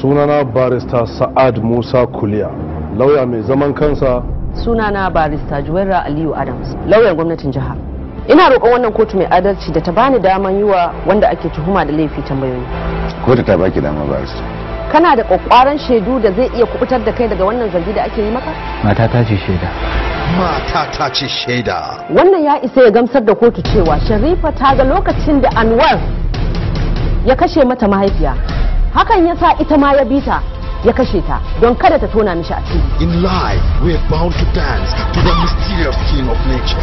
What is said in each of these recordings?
sunana barista sa'ad musa kuliya lauya mai zaman kansa sunana barista juwaira aliyu adams lauyan gwamnatin jihar ina roƙon wannan kotu mai adalci da ta bani daman yi wa wanda ake tuhuma da laifi tambayoyi kotu ta baki dama barista kana da kwakwaran shaidu da zai iya kubutar da kai daga wannan zargi da ake yi maka mata ta ce shaida mata ta ce shaida wannan ya isa ya gamsar da kotu cewa sharifa ta ga lokacin da anwar ya kashe mata mahaifiya hakan ya sa ita ma ya bi ta ya kashe ta don kada ta tona mishi a ciki in life we are bound to dance to the mysterious king of nature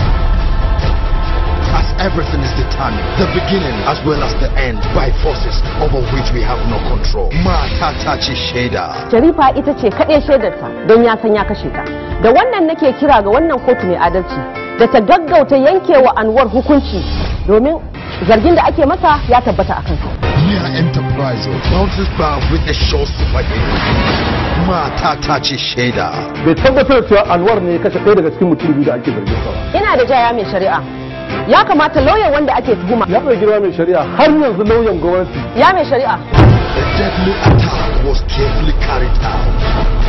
as everything is determined, the beginning as well as the end by forces over which we have no control. Mata ta ce shaida. Sharifa ita ce kaɗai shaidarta don ya san ya kashe ta. Da wannan nake kira ga wannan kotu mai adalci da ta gaggauta yankewa Anwar hukunci domin zargin da ake masa ya tabbata a kansa. We are enterprise bounces by witness shows Mata ta ce shaida. Bai tabbatar cewa Alwar ne kashe kai daga cikin mutum biyu da ake zargin sa. Ina da jaya mai shari'a. Ya kamata lauyan wanda ake tuhuma. Ya bai girma mai shari'a har yanzu lauyan gwamnati. Ya mai shari'a. The deadly attack was carefully carried out.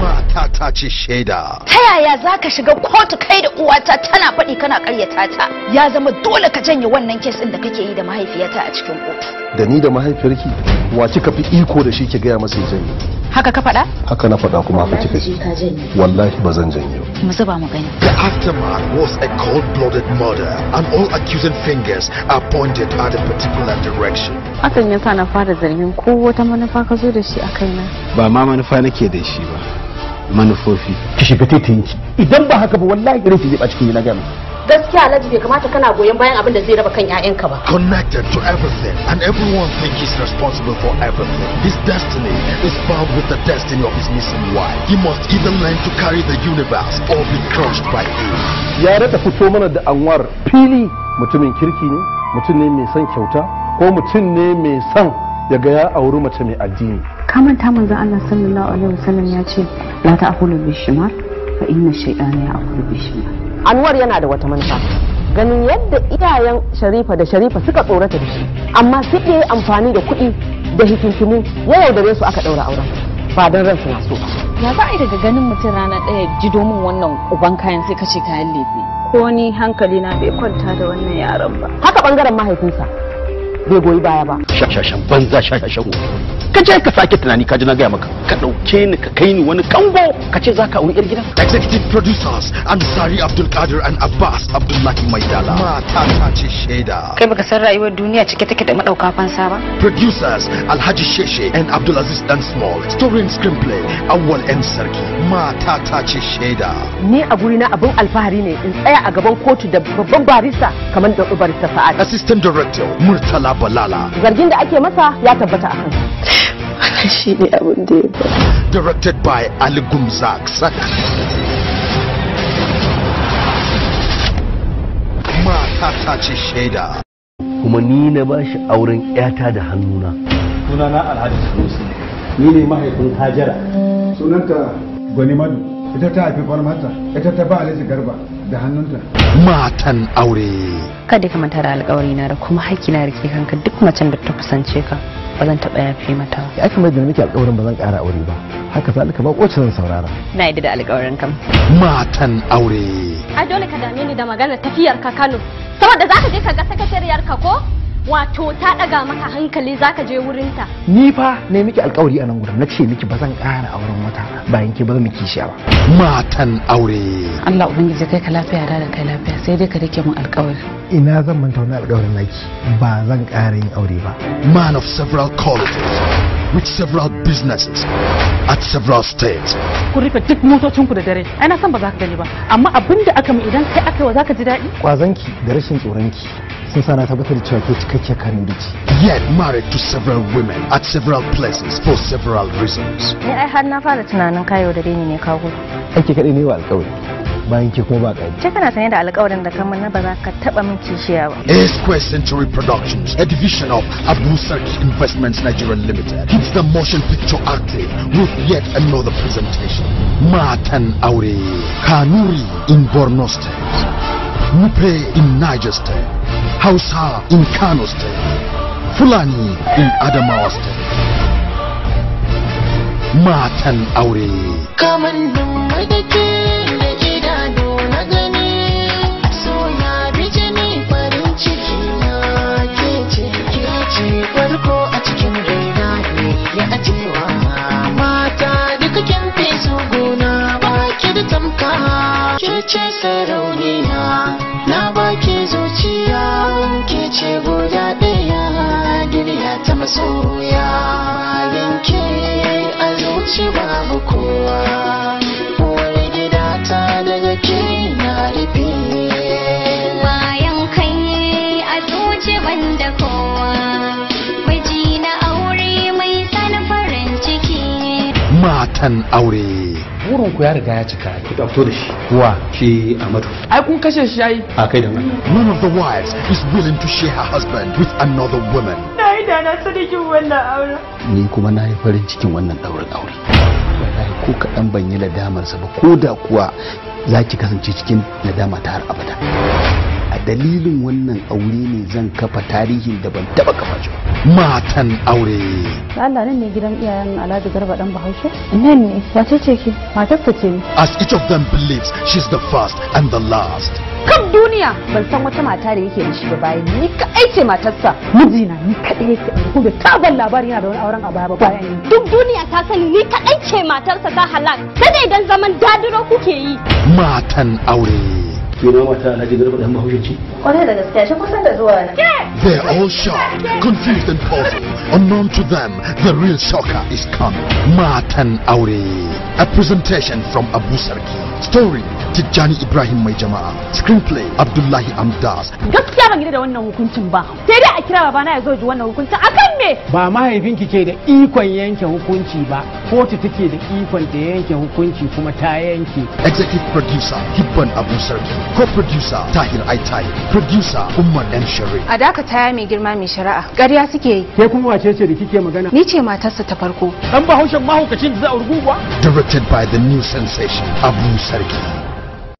mata ta ce shaida ta yaya za ka shiga kotu kai da uwata tana faɗi kana ƙaryata ta ya zama dole ka janye wannan kes ɗin da kake yi da mahaifiyata a cikin kotu da ni da mahaifiyarki wa kika fi iko da shi ki gaya masa ya janye haka ka faɗa haka na faɗa kuma haka kika ji wallahi ba zan janye mu zuba mu gani the aftermath was a cold-blooded murder and all accusing fingers are pointed at a particular direction hakan ya sa na fara zargin ko wata manufa ka zo da shi a kaina ba ma manufa nake da shi ba manufofi ki shiga titinki idan ba haka ba wallahi irin ki zai cikin na gama gaskiya alhaji bai kamata kana goyon bayan abin da zai raba kan 'ya'yanka ba connected to everything and everyone think he's responsible for everything his destiny is bound with the destiny of his missing wife he must either learn to carry the universe or be crushed by him. ya rata fito mana da anwar fili mutumin kirki ne mutum ne mai son kyauta ko mutum ne mai son ya ga ya auri mace mai addini ta manzan Allah sallallahu alaihi wasallam ya ce la ta'kulu bishimar fa inna shaytana ya'kulu bishimar Anwar yana da wata manufa ganin yadda iyayen Sharifa da Sharifa suka tsorata da shi amma suke yi amfani da kuɗi da hikinkimu ya yaudare su aka ɗaura auren ba don ransu na so ya za a yi daga ganin mutum rana ɗaya ji domin wannan uban kayan sai ka ce kayan lefe ko ni hankali na bai kwanta da wannan yaran ba haka ɓangaren mahaifinsa bai goyi baya ba shashashan banza shashashan ka je ka sake tunani ka ji na gaya maka ka dauke ni ka kai ni wani kango ka ce zaka auri yar gidan executive producers ansari abdul kadir and abbas abdullahi maidala mata ta ce shaida kai baka san rayuwar duniya cike take da madauka fansa ba producers alhaji sheshe and abdulaziz dan small story and screenplay awwal m sarki mata ta ce shaida ni a guri na abin alfahari ne in tsaya a gaban kotu da babban barista kamar da barista sa'ad assistant director murtala Nana Balala. Zargin da ake masa ya tabbata a kan. Shi ne abin da ya Directed by Ali Gumzak Mata ta ce shaida. Kuma ni na ba shi auren 'yata da hannuna. Sunana Alhaji Sunusi. Ni ne mahaifin Hajara. Sunanta Gwani Madu. Ita ta haifi Farmata. Ita ta ba Alhaji Garba. da hannunta matan aure kada ka manta da alƙawari na da kuma haƙƙi na rike kanka duk macen da ta kusance ka ba zan taɓa yafe mata ba aka mai da nake alƙawarin ba zan ƙara aure ba haka zalika ba kowace zan saurara na yadda da alƙawarin kam matan aure a dole ka dame ni da magana tafiyar ka Kano saboda za ka je ka ga sakatariyar ka ko wato ta daga maka hankali zaka je wurinta ni fa ne miki alkawari a nan gurin na ce miki ba zan kara auren wata bayan ki ba mu kishiya ba matan aure Allah ubangiji kai ka lafiya da kai lafiya sai dai ka rike mun alkawari ina zan manta wani alƙawarin naki ba zan ƙara yin aure ba man of several colleges with several businesses at several states ku rufe duk motocin ku da dare ai na san ba za ka gani ba amma abin da aka mu idan kai aka wa za ka ji daɗi kwazanki da rashin tsoronki sun sana tabbatar da cewa ke cikakke kanu da Yet married to several women at several places for several reasons. Ni eh, ai har na fara tunanin kayo da ni ne kago. Ake kaɗai ne wa alƙawari. bayan ke kuma ba kai ke kana sanye da alƙawarin da kamar na ba za ka taba min kishiya ba Square Century Productions a division of Abu Sarki Investments Nigeria Limited keeps the motion picture active with yet another presentation Matan Aure Kanuri in Borno State Nupe in Niger State Hausa in Kano State Fulani in Adamawa State Matan Aure Kaman da kece sarauniya na baki zuciya kece guda ɗaya duniya ta masoya yanke a zuci babu kowa wani gida ta daga ke na rufe bayan kai a zuci banda kowa miji na aure mai san farin ciki matan aure burin ku ya riga ya cika ki da da shi wa shi Amadu ai kun kashe shi ai a kai da one of the wives is willing to share her husband with another woman na yi da na sadikin wannan aure ni kuma na yi farin cikin wannan daurin aure wallahi ko kaɗan ban yi damar ba ko da kuwa za ki kasance cikin nadama ta har abada a dalilin wannan aure ne zan kafa tarihin da ban taba kafa shi matan aure Allah nan ne gidan iyayen Alhaji Garba dan Bahaushe nan ne wace ce ki matar ce ni as each of them believes she's the first and the last kan duniya ban san wata mata da yake da shi ba bayan ni kaɗai ce matarsa mijina ni kaɗai yake ko da tabar labari yana da wani auren a baya ba bayan ni duk duniya ta sani ni kaɗai ce matarsa ta halak sai dai idan zaman dadiro kuke yi matan aure They are all shocked, confused and puzzled. Unknown to them, the real shocker is coming. Matan Aure. A presentation from Abu Sarki. Story Tijjani Ibrahim Mai Jama'a. Screenplay Abdullahi Amdas. Gaskiya ban gida da wannan hukuncin ba. Sai dai a kira babana ya zo ji wannan hukuncin akan me? Ba mahaifinki ke da ikon yanke hukunci ba. Kotu take da ikon da yanke hukunci kuma ta yanke. Executive producer Hibban Abu Sarki. co-producer tahir aitai producer umar dan shari a daka taya mai girma mai shari'a ƙarya suke yi ke kuma wace ce da kike magana ni ce matarsa ta farko dan bahaushen mahaukacin da za a ruguwa directed by the new sensation abu sarki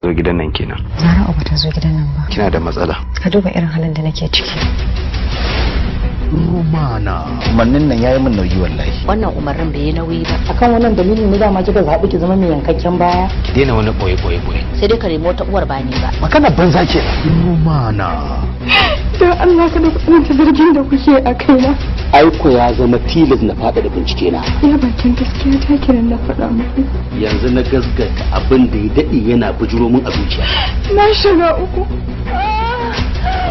zo gidan nan kenan zara ba ta zo gidan nan ba kina da matsala ka duba irin halin da nake ciki rumana umarnin nan ya yi min nauyi wallahi wannan umarnin bai yi nauyi ba akan wannan dalilin ne dama kika zabi ki zama mai yankakken baya ki daina wani boye boye boye sai dai ka nemi wata uwar ba ni ba magana banza ke rumana don Allah ka da tsananta zargin da kuke a kaina aiko ya zama tilas na faɗa da bincike na ya bakin gaskiya ta kiran na faɗa muku yanzu na gasgata abin da ya daɗe yana bujuro min a zuciya na shiga uku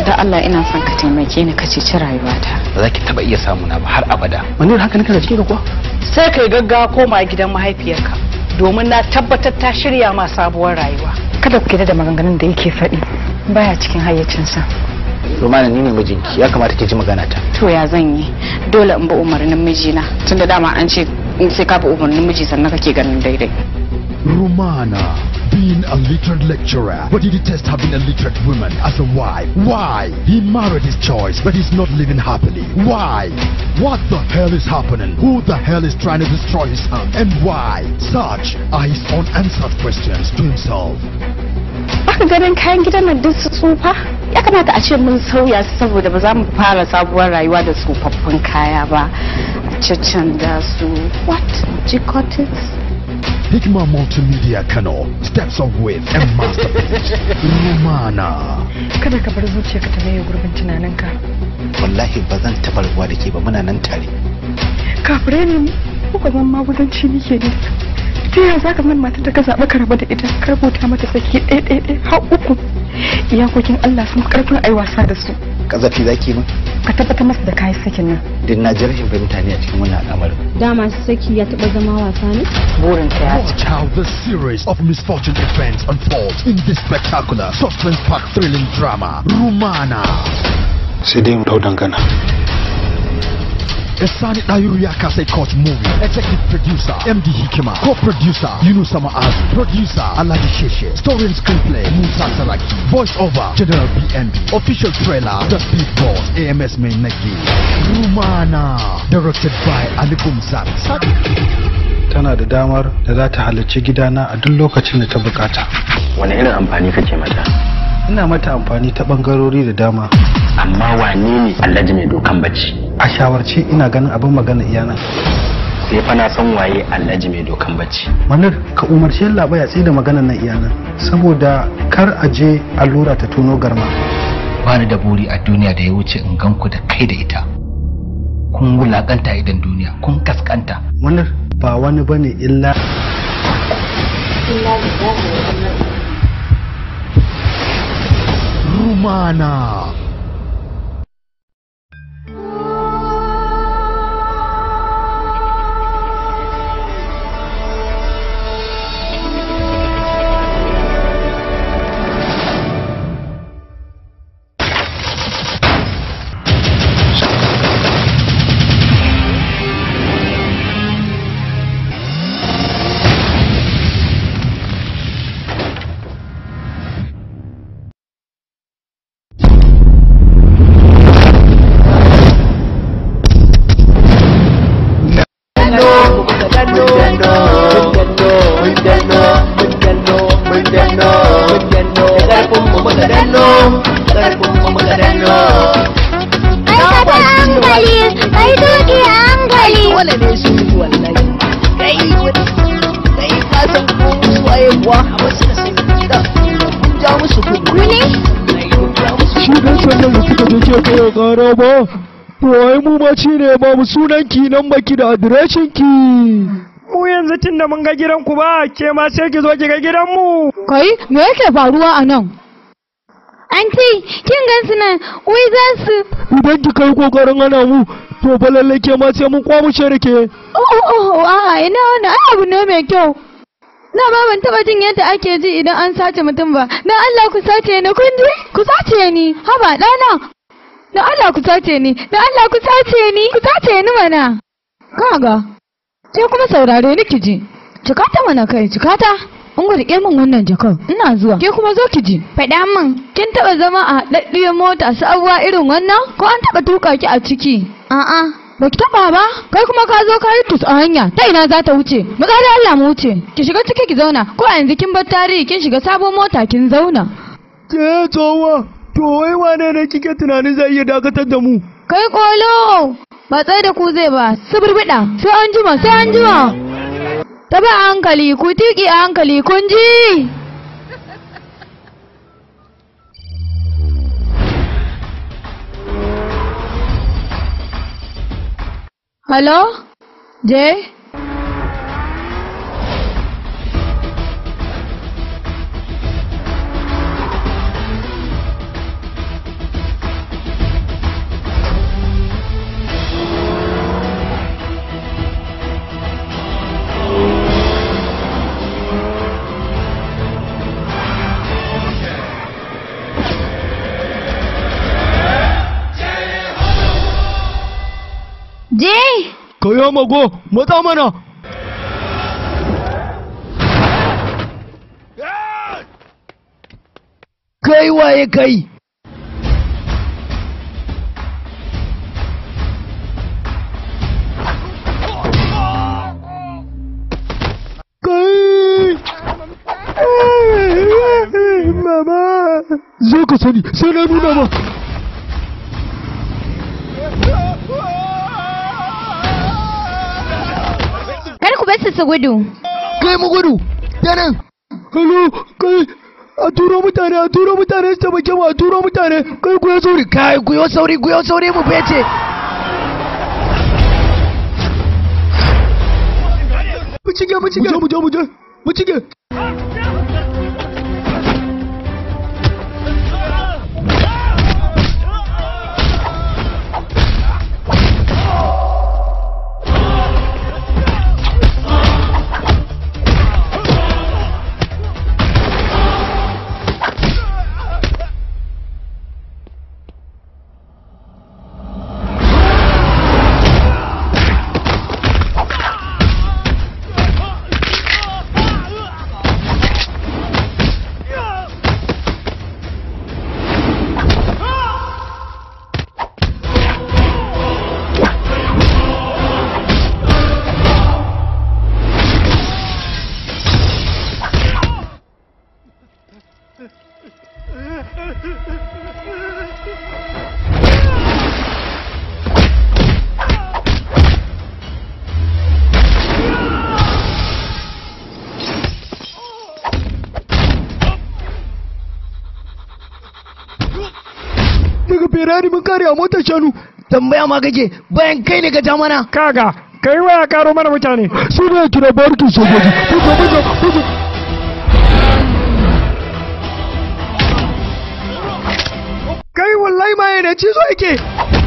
da Allah ina son ka taimake ni ka ceci rayuwata ba za ki taba iya samuna ba har abada Wani haka kana cikin ka kuwa sai kai gaggawa koma gidan mahaifiyarka domin na tabbatar ta shirya ma sabuwar rayuwa kada ku kida da maganganun da yake faɗi baya cikin hayyacinsa Romana ni ne mijinki ya kamata ki ji magana ta to ya zan yi dole in ba umarnin mijina tunda dama an ce in sai ka bi umarnin miji sannan kake ganin daidai Romana being a literate lecturer, but he detests having a literate woman as a wife. Why? He married his choice, but he's not living happily. Why? What the hell is happening? Who the hell is trying to destroy his son? And why? Such are his unanswered questions to himself. aka ganin kayan gidan nan duk su tsufa ya kamata a ce mun sauya su saboda ba za mu fara sabuwar rayuwa da tsofaffin kaya ba a cancan da su what do you it Hikma Multimedia Kano steps of with a masterpiece Romana. Kada ka bar zuciyarka ta maye gurbin tunaninka. Wallahi ba zan taɓa da ke ba muna nan tare. Kafirai ne mu, ko kuma magudanci nake ne. ta yaya za ka man matar ka zaɓa ka da ita ka rubuta mata saki ɗaya ɗaya ɗaya har uku iyakokin Allah sun karfin ai wasa da su kazafi zaki min ka tabbatar masa da kayan sakin nan din na jirgin rashin fahimta ne a cikin wannan al'amarin da masu saki ya taba zama wasa ne burin ta ya ci how the series of misfortune events unfold in this spectacular suspense park thrilling drama rumana sai dai mu dangana Sani Dayuru ya kasai coach movie. Executive producer MD Hikima. Co-producer Yunus Ma'azu. Producer Alhaji Sheshe. Story and screenplay Musa Saraki. Voice over General BNB. Official trailer The Speed Boss, AMS Main Nagi. Rumana. Directed by Ali Gumzat. Tana da damar da za ta halarci gidana a duk lokacin da ta bukata. Wani irin amfani kake mata? ina mata amfani ta bangarori da dama amma wane ne alhaji mai dokan bacci a shawarce ina ganin abin magana iyana sai fa na san waye alhaji mai dokan bacci manar ka umarci yalla ya tsaye da maganar nan iyana saboda kar a je allura ta tono garma Ba ni da buri a duniya da ya wuce in gan ku da kai da ita kun wulakanta idan duniya kun kaskanta manar ba wani bane illa illa da Mana. yara ba to ai mu ci ne ba mu sunan ki nan baki da adireshin ki mu yanzu tun da mun ga gidan ku ba ke ma sai ki zo ki ga gidan mu kai me yake faruwa a nan anti kin gan su nan wai za su idan ki kai kokarin ana mu to ba lalle ke ma sai mun kwamushe rake oh oh, oh, oh a ina wannan ai abu ne mai kyau na ba ban taba jin yadda ake ji idan an sace mutum ba na Allah ku sace ni kun ji ku sace ni haba dana da Allah ku sace ni da Allah ku sace ni ku sace ni mana kaga sai kuma saurare ni kiji ta mana kai ta. an ƙe min wannan jakar ina zuwa ke kuma zo ki ji faɗa min kin taɓa zama a haɗaɗɗiyar mota sabuwa irin wannan ko an taɓa tuka ki a ciki a'a ba ki taɓa ba kai kuma ka zo ka yi tus a hanya ta ina za ta wuce mu da Allah mu wuce ki shiga ciki ki zauna ko a yanzu kin bar tarihi kin shiga sabon mota kin zauna ke tsohuwa To wai wane ne kike tunanin zai iya dakatar da mu? Kai kolo! Ba tsaye da ku zai ba, su birbiɗa, sai an jima, sai an jima! Ta ba hankali, ku tiki a hankali, kun ji! Halo? Je? ya mago matsa mana kai waye kai Mama! Zo ka sani, sai kar ku bar su gudu kai mu gudu ta nan halo kai a turo mutane a turo mutane su taimake mu a turo mutane kai ku yi sauri kai ku yi sauri ku yi sauri mu fece mu cike mu cike mu je mu je mu cike kari mun kare a motar shanu tambaya ma gaje bayan kai ne ga ja mana kaga kai waya karo mana mutane su ne kira barki sojoji kai wallahi ma yana cizo yake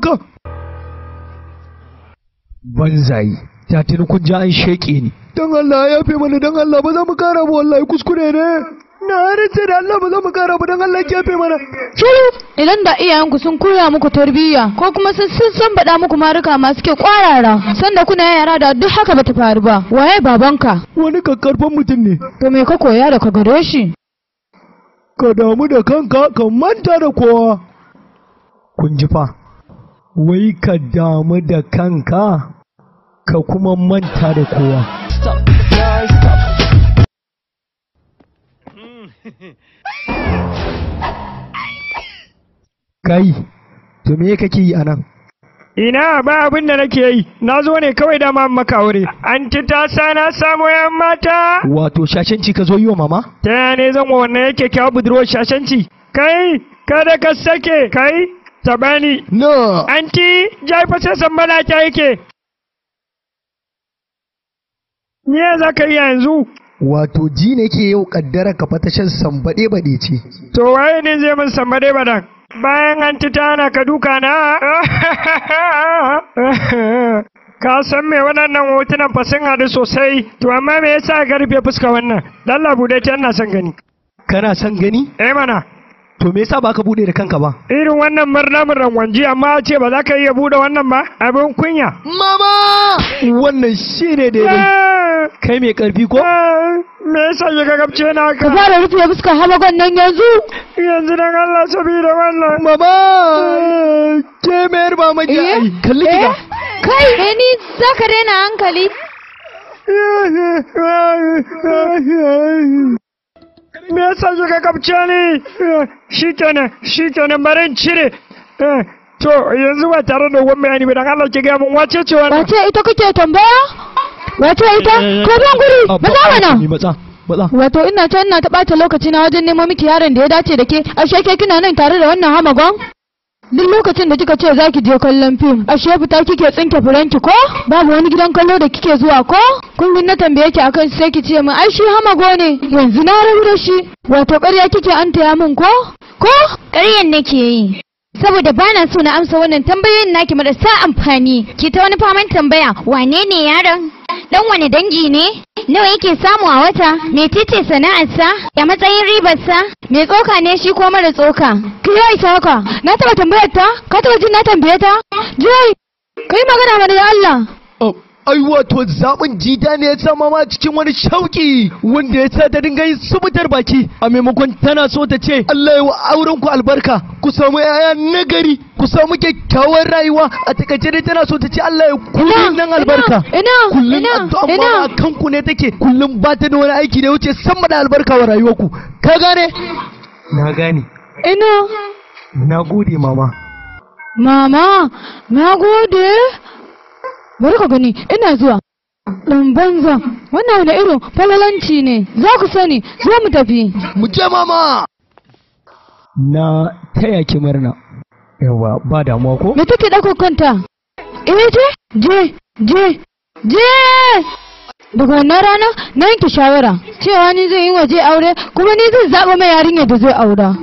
haka banzayi ya tuni kun ji an sheƙe ni dan Allah ya fi mana dan Allah ba za mu kara ba wallahi kuskure ne na rinse da Allah ba za mu kara ba dan Allah ya fi mana idan da iyayenku sun koya muku tarbiyya ko kuma sun sun san bada muku maruka masu kyau kwarara sanda kuna yara da duk haka ba ta faru ba waye babanka wani kakkarfan mutum ne to me ka koya da ka gare shi ka damu da kanka ka manta da kowa kun ji fa wai ka damu da kanka ka kuma manta da kowa kai to me kake yi anan ina ba abin da nake yi na zo ne kawai dama maka aure an ci ta sana samu yan mata wato shashanci ka zo yi wa mama ta ne zan wa wannan yake kyawu budurwar shashanci kai kada ka sake kai tabani no anti jai fa sai san malaka yake me za ka yi yanzu wato ji ne ke yau kaddara ka fata shan sambaɗe baɗe ce to waye ne zai min sambaɗe baɗan bayan an ti tana ka duka na ka san me waɗannan hotunan fa sun haɗu sosai to amma me yasa ka rufe fuska wannan Lallabu bude ta ina son gani kana son gani eh mana To me yasa baka bude da kanka ba? Irin wannan marnamin rangwanji amma a ce ba za ka iya bude wannan ba? Abin kunya. Mama! Wannan shi ne daidai. Eh. Kai mai karfi ko? Eh. Me yasa ya ga gabce na ka? Ka fara rufe fuskar halagon nan yanzu. Yanzu dan Allah sabida wannan. Mama! Ke mayar ba maji eh? ai. Kalli ki Kai eh ni za ka daina hankali. me yasa suka kapce ni shikenan shikenan barin cire to yanzu ba tare da wani bayani ba dan Allah ki ga mun wace ce wannan wace ita kake tambaya wace ita ko ban guri ah, ba za wato ina ta ina ta bata lokaci na wajen nemo miki yaron da ya dace da ke ashe ke kina nan tare da wannan hamagon duk lokacin da kika ce za ki je kallon fim ashe fita kike tsinke furanki ko babu wani gidan kallo da kike zuwa ko kun na tambaye ki akan sai ki ce min ai shi hamago ne yanzu na rabu da shi wato ƙarya kike an taya min ko ko ƙaryan nake yi saboda ba na so na amsa wannan tambayoyin naki marasa amfani ki ta wani faman tambaya wane ne yaron dan wani dangi ne nawa yake samu a wata Me titi sana'arsa ya matsayin ribarsa Me tsoka ne shi ko mara tsoka ki yi na taba tambayar ta ka taba jin na tambaye ta joy kai magana mana da Allah oh, ai wato zaɓin jida ne ya zama ma cikin wani shauƙi wanda ya sa ta dinga yin subutar baki a maimakon tana so ta ce Allah ya wa auren ku albarka ku samu yaya nagari ku samu kyakkyawar rayuwa a takaice dai tana so ta ce Allah ya kullum nan albarka kullum addu'a ma kan ku ne take kullum ba ta da wani aiki ne wuce sama da albarka wa rayuwar ku ka gane na gane ina na gode mama mama na gode bari ka gani ina zuwa dan banza wannan wani irin falalanci ne za ku sani zo mu tafi mu je mama na taya ki murna yawa ba damuwa ko me take dauko kanta eh je je je je daga wannan rana na yanke shawara cewa ni zai yi waje aure kuma ni zan zaɓa mai yarinya da zai aura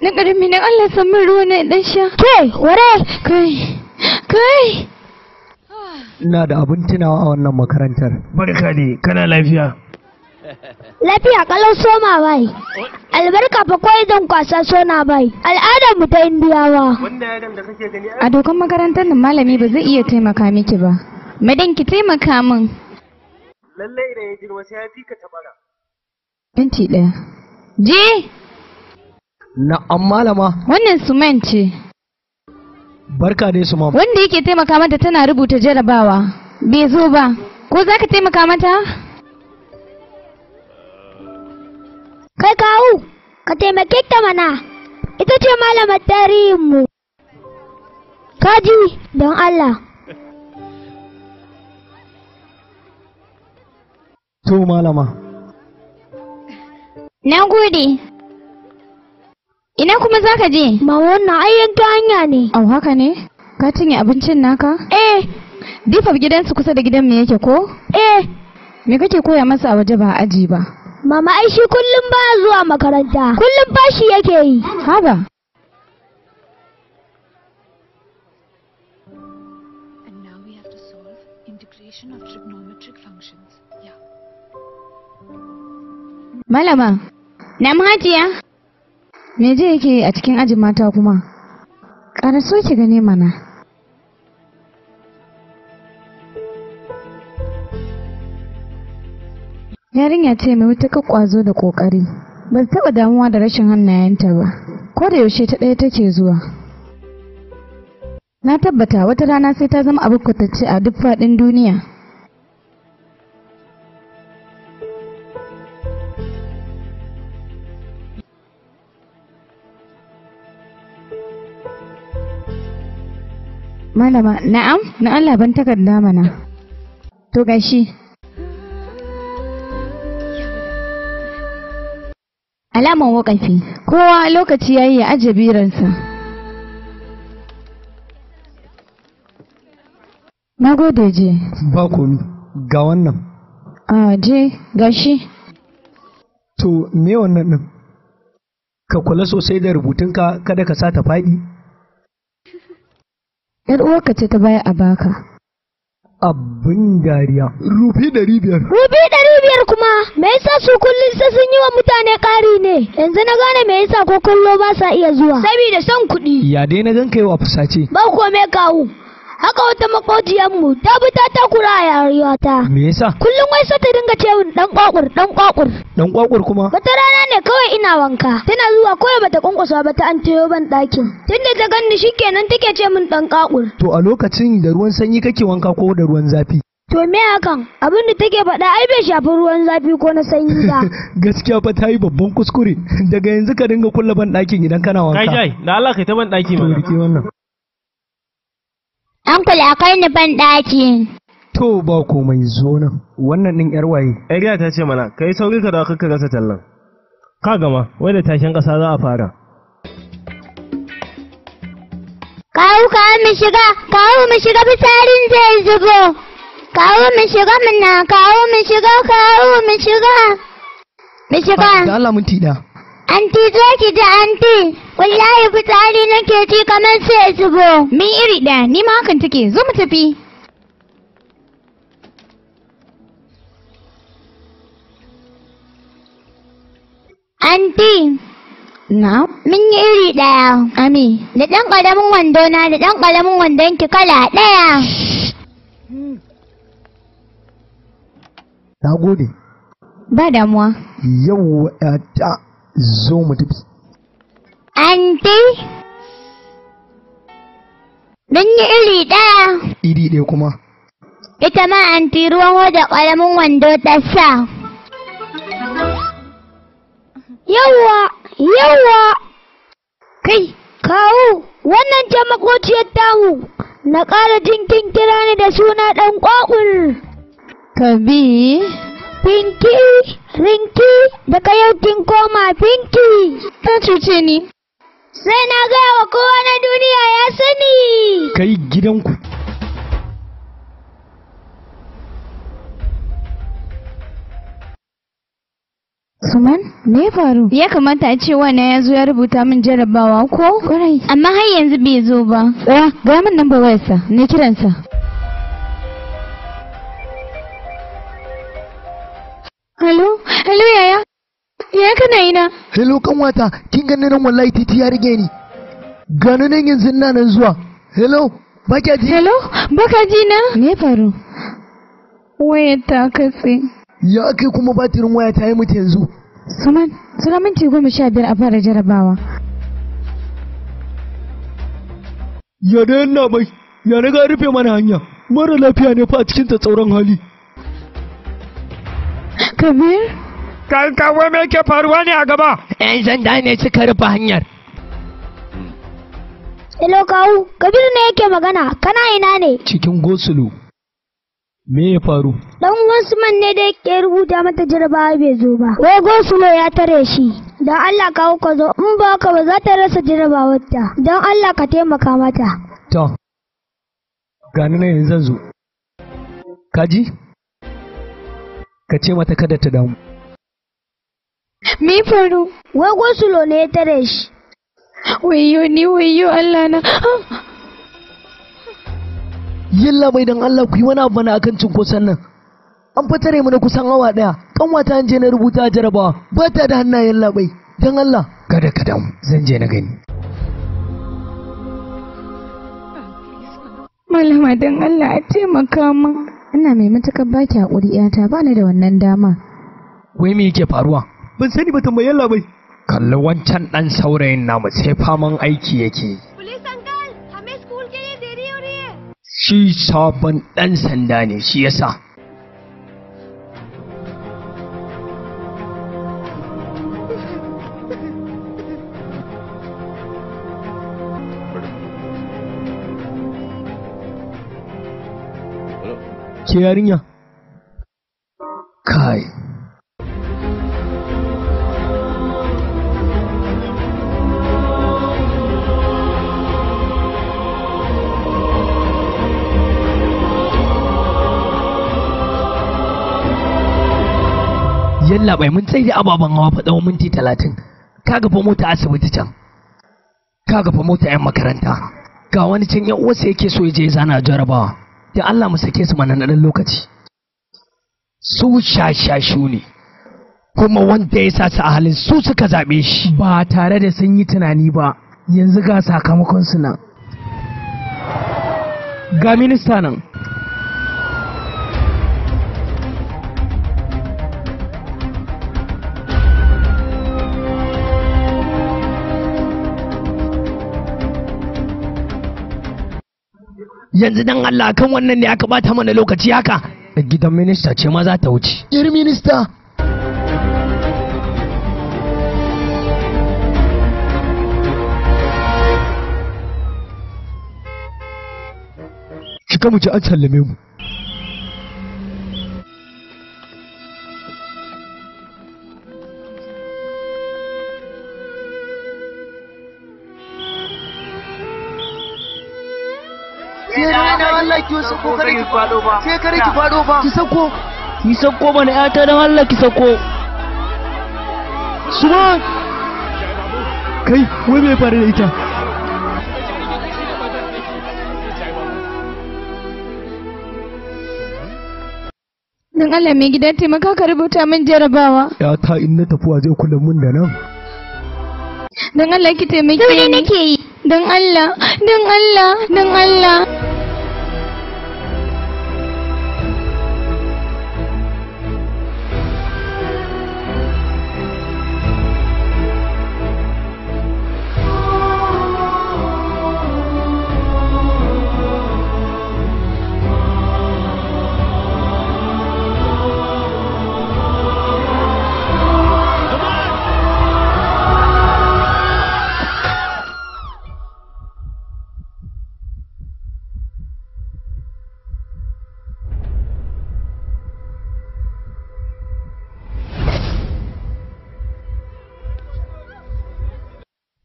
na ƙarfi na Allah samun ruwa na ɗan sha. Ke, ware! Kai, kai! Ina da abin tunawa a wannan makarantar. Barka ne, kana lafiya? Lafiya kalau soma bai. Albarka fa kawai zan kwasa sona bai. Al'adar mu ta Indiyawa. A dokan makarantar nan malami ba zai iya taimaka miki ba. Madan ki taimaka min. Lallai da ya girma sai ya fika tabara. Minti ɗaya. Je! Na'am malama. Wannan Suman ce. Barka dai Suman. Wanda yake taimaka mata tana rubuta jarabawa. Bai zo ba. Ko za ka taimaka mata? Kai kawu, ka taimake ta mana. Ita ce malamar tarihinmu. Kaji don Allah. To malama. Na gode. Ina kuma za ka je? Mama wannan ai yanka hanya ne. Au haka ne? Ka cinye abincin naka? Eh. Difaf gidansu kusa da gidan mu yake ko? Eh. Me kake koya masa a waje ba aji ba? Mama ai shi kullum ba zuwa makaranta. Kullum shi yake yi. Haba. Malama. Na mahajiya? me je yake yi a cikin ajin mata kuma ƙaraso ki gane mana yarinya ce mai wutukar kwazo da ƙoƙari ba ta taɓa damuwa da rashin hannayenta ba ko da yaushe ta ɗaya take zuwa na tabbata wata rana sai ta zama abu kwatacce a duk faɗin duniya Malama, na'am, na Allah ban takarda mana. To gashi. Alaman wakafi, kowa lokaci yayi ya aje biransa. Na gode je. Ba komi, ga wannan. A je, gashi. To, me wannan din Ka kula sosai da rubutunka kada ka sata faɗi. Yar uwarka ce ta baya a baka. Abin dariya. Rufi ɗari biyar. Rufi ɗari biyar kuma, me yasa su kullum sai sun yi wa mutane ƙari ne? Yanzu na gane me yasa ko basa ba sa iya zuwa. Sabida son kuɗi. Ya dai na gan kai wa fusace. Ba komai kawu. haka wata makociyarmu ta bi ta takura a ta. Me yasa? Kullum wai sai ta dinga ce min dan kwakur dan kwakur. Dan kwakur kuma? Wata rana ne kawai ina wanka. Tana zuwa kawai bata kunkusa ba ta an tayo ban ɗakin. Tunda ta ganni shikenan take ce min dan kwakur. To a lokacin da ruwan sanyi kake wanka ko da ruwan zafi? To me hakan abin da take faɗa ai bai shafi ruwan zafi ko na sanyi ba. Gaskiya fa ta yi babban kuskure daga yanzu ka dinga kulla ban ɗakin idan kana wanka. Kai kai da Allah kai ta ban ɗaki ma. An a akwai ni ban ɗaki. To ba komai zo nan, wannan ɗin ‘yar waye. ‘Yariya ta ce mana, ka yi sauri ka dawo kakka rasa tallan. Ka gama, wai da tashin ƙasa za a fara. Kawo kawo mu shiga, kawo mu shiga fitsarin zai zubo. Kawo mu shiga muna, kawo mu shiga, kawo mu shiga. Mu shiga. Da Allah mun tiɗa. Anti zo ki ji anti. Wallahi fitsari nake ji kamar sai zubo. Min iri ɗaya, ni ma hakan take, zo mu tafi. Anti. Na? Mun yi iri ɗaya. Ami. Da ɗan ƙaramin wando na da ɗan ƙaramin wandon ki kala ɗaya. Na gode. Ba damuwa. Yau ta. zo mu tafi anti don yi iri ɗaya iri ɗaya kuma ita ma anti ruwan hoda ƙaramin wando ta sa Yawwa! yawwa! kai kawo wannan ta makociyar tahu na ƙara jinkin kira ni da suna ɗan ƙwaƙul. Kabi. Pinky. Rinki daga yau kin koma Rinki. Ta cuce ni. Sai na gaya wa kowa na duniya ya sani. Kai gidanku. Suman, me faru? Ya kamata a ce wannan ya zo ya rubuta min jarabawa ko? Kwarai. Amma har yanzu bai zo ba. Tsaya, ga min nan ba wayarsa, na kiransa. Halo? kallo yaya yaya kana ina hello wata kin ganni nan wallahi titi ya rige ni gani nan yanzu ina nan zuwa hello baka ji hello baka ji na me faru wayar ta katse ya kai kuma batirin waya ta yi mutu yanzu Saman, sura minti goma sha biyar a fara jarabawa. Ya yana mai, ya riga rufe mana hanya, mara lafiya ne fa a cikin ta tsauran hali. Kamar? kawo mai ke faruwa ne a gaba yan zanda ne suka rufe hanyar hello kawu kabiru ne yake magana kana ina ne cikin gosulu me ya faru dan wasu man ne da yake rubuta mata jarabawa bai zo ba wai gosulo ya tare shi dan Allah kawo ka zo in ba ka ba za ta rasa jarabawar ta dan Allah ka taimaka mata to gani na yanzu zan zo kaji ka ce mata kada ta damu Me faru? Wai gosulo ne ya tare shi. Wayo ni wayo Allah na. Yalla mai dan Allah ku yi wani abu na akan cinkoson nan. An fitare mu na kusan awa daya. wata an je na rubuta jarabawa. Ba ta da hannayen labai. Dan Allah. Kada ka damu zan je na gani. Malama dan Allah a taimaka min. Ina mai matukar baki haƙuri 'yata ba ni da wannan dama. Wai me yake faruwa? ban sani ba tambayi Allah bai kalli wancan dan saurayin namu sai faman aiki yake shi sabon dan sanda ne shi yasa ke yarinya kai yalla bai mun sai da ababen hawa fa dawo minti talatin ka fa mota asibiti can ka fa mota yan makaranta ga wani can yan uwarsa yake so ya je zana jarabawa da Allah mu sake su manan dan lokaci su shashashu ne kuma wanda ya sa su a halin su suka zaɓe shi ba tare da sun yi tunani ba yanzu ga sakamakon su nan ga minista nan yanzu dan Allah kan wannan ne aka bata mana lokaci haka gidan minista ce ma za ta wuce ir minista Kika mu ji an sallame mu ki wasu ko kare ki fado ba sai kare ki fado ba ki sako ki sako bana yata dan Allah ki sako Suman kai wai me fare da ita Don Allah mai gidan taimaka ka rubuta min jarabawa. yata ta in na tafi waje kullum mun da nan. Don Allah ki taimake ni. Dole nake yi. Don Allah, don Allah, don Allah.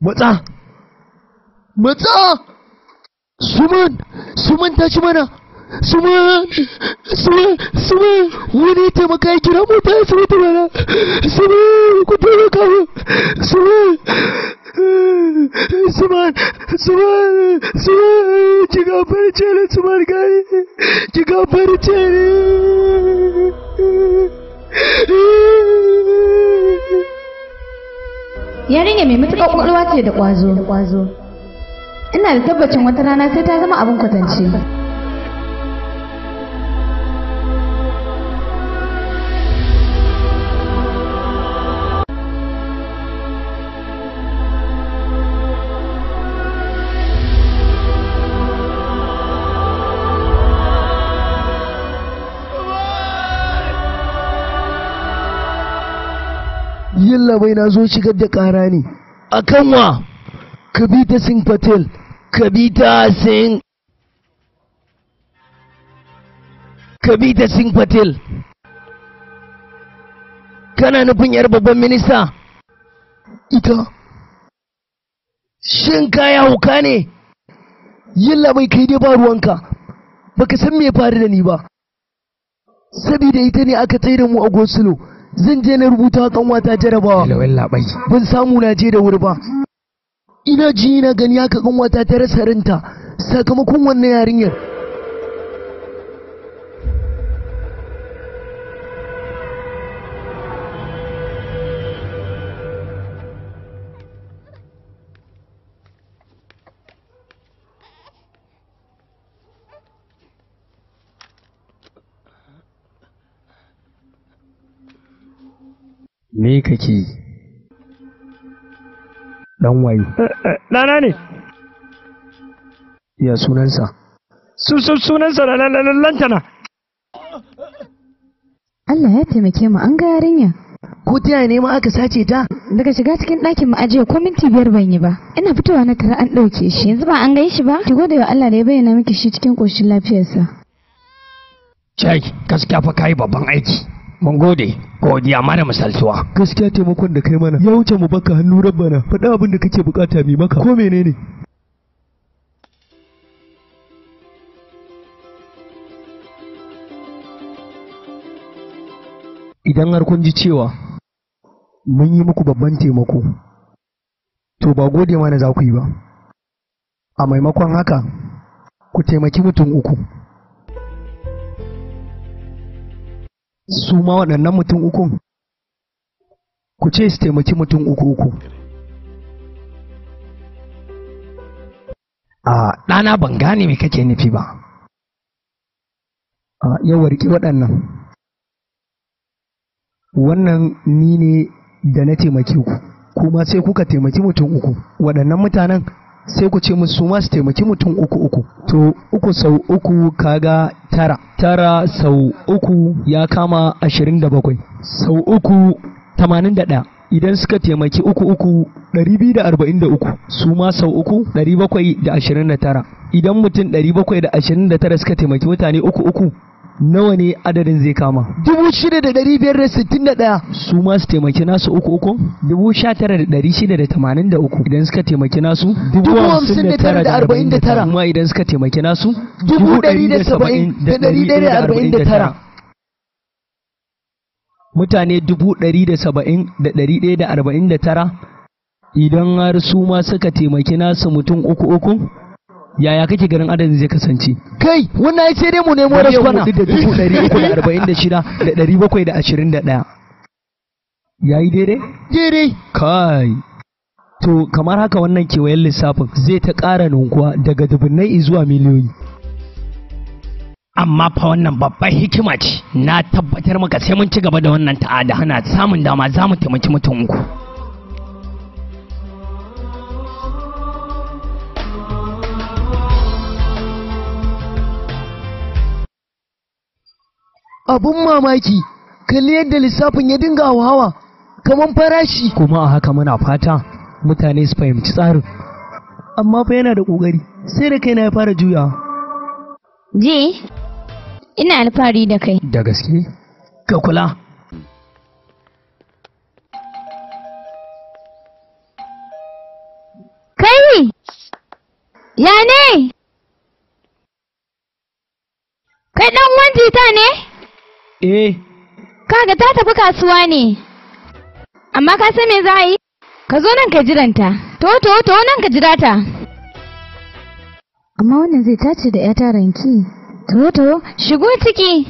መጣ መጣ ስምን ስምን ተችመና ስምን ስምን ስምን ወኔ ተመካይ ጅራ ሞታ ስምን ተመና ስምን ቁጥ ተመካይ ስምን ስምን ስምን ስምን ጅጋ በርቼ ስምን ጋር ጅጋ በርቼ yarinya mai matuƙar ƙwaƙwalwa ce da ƙwazo ina da tabbacin wata rana sai ta zama abin kwatance Yin labai na zo shigar da ƙara ne A wa kabita sin patel kabita sin kabita sin patel kana nufin yar babban minista ita shin kaya hauka ne Yin labai kai dai ba ruwanka baka san me faru da ni ba Sabida ita ne aka tsaye da mu a gosulo zan je na rubuta ƙanwata jarabawa ban samu na je da wuri ba ina ji na gani haka ƙanwata ta rasa ranta sakamakon wannan yarinyar me kake yi dan waye eh, eh, ɗana ne ya sunansa sunansa lantana Allah ya taimake mu an ga yarinya ko ta ne ma aka sace ta daga shiga cikin ɗakin mu ajiya ko minti biyar ban yi ba ina fitowa na tara an ɗauke shi yanzu ba an gan shi ba ki gode wa Allah da ya bayyana miki shi cikin ƙoshin lafiyarsa Chai, gaskiya fa kayi babban aiki mun gode godiya mana misaltuwa gaskiya taimakon da kai mana ya wuce mu baka hannu rabbana faɗa abin da kake bukata mai maka ko menene idan har kun ji cewa mun yi muku babban taimako to ba gode mana za ku yi ba a maimakon haka ku taimaki mutum uku su ma waɗannan mutum ukun ku ce su taimaki mutum uku uku a ɗana ban gane me kake nufi ba a yau warki waɗannan wannan ni ne da na taimake ku kuma sai kuka taimaki mutum uku waɗannan mutanen sai ku ce musu masu taimaki mutum uku uku to uku sau uku kaga tara tara sau uku ya kama ashirin da bakwai sau uku tamanin da ɗaya idan suka taimaki uku uku ɗari biyu da arba'in da uku su ma sau uku ɗari bakwai da ashirin da tara idan mutum ɗari bakwai da ashirin da tara suka taimaki mutane uku uku nawa ne adadin zai kama dubu shida da ɗari biyar da sittin da ɗaya su ma su taimaki nasu uku uku dubu sha tara da ɗari shida da tamanin da uku idan suka taimaki nasu dubu hamsin da tara da arba'in da tara kuma idan suka taimaki nasu dubu ɗari da saba'in da ɗari dari da arba'in da tara mutane dubu ɗari da saba'in da ɗari ɗaya da arba'in da tara idan har su ma suka taimaki nasu mutum uku uku yaya kake ganin adadin zai kasance kai wannan ai sai dai mu nemo raskwana da dubu ɗari uku da arba'in da shida da ɗari bakwai da ashirin da ɗaya yayi daidai daidai kai to kamar haka wannan kewayen lissafin zai ta ƙara nunkuwa daga dubunnai zuwa miliyoyi amma fa wannan babban hikima ce na tabbatar maka sai mun ci gaba da wannan ta'ada hana samun dama za mu taimaki mutum uku abun mamaki kalli yadda lissafin ya dinga hawa kamar farashi kuma a haka muna fata mutane su fahimci tsarin amma fa yana da ƙoƙari sai da kai na ya fara juya. je ina alfahari da kai da gaske ka kula kai ya ne kai ɗan wanjita ne Eh. Kaga ta tafi kasuwa ne. Amma ka san me za a yi? Ka zo nan ka jiranta. To to to nan ka jira ta. Amma wannan zai tace da 'ya ranki. To to shigo ciki.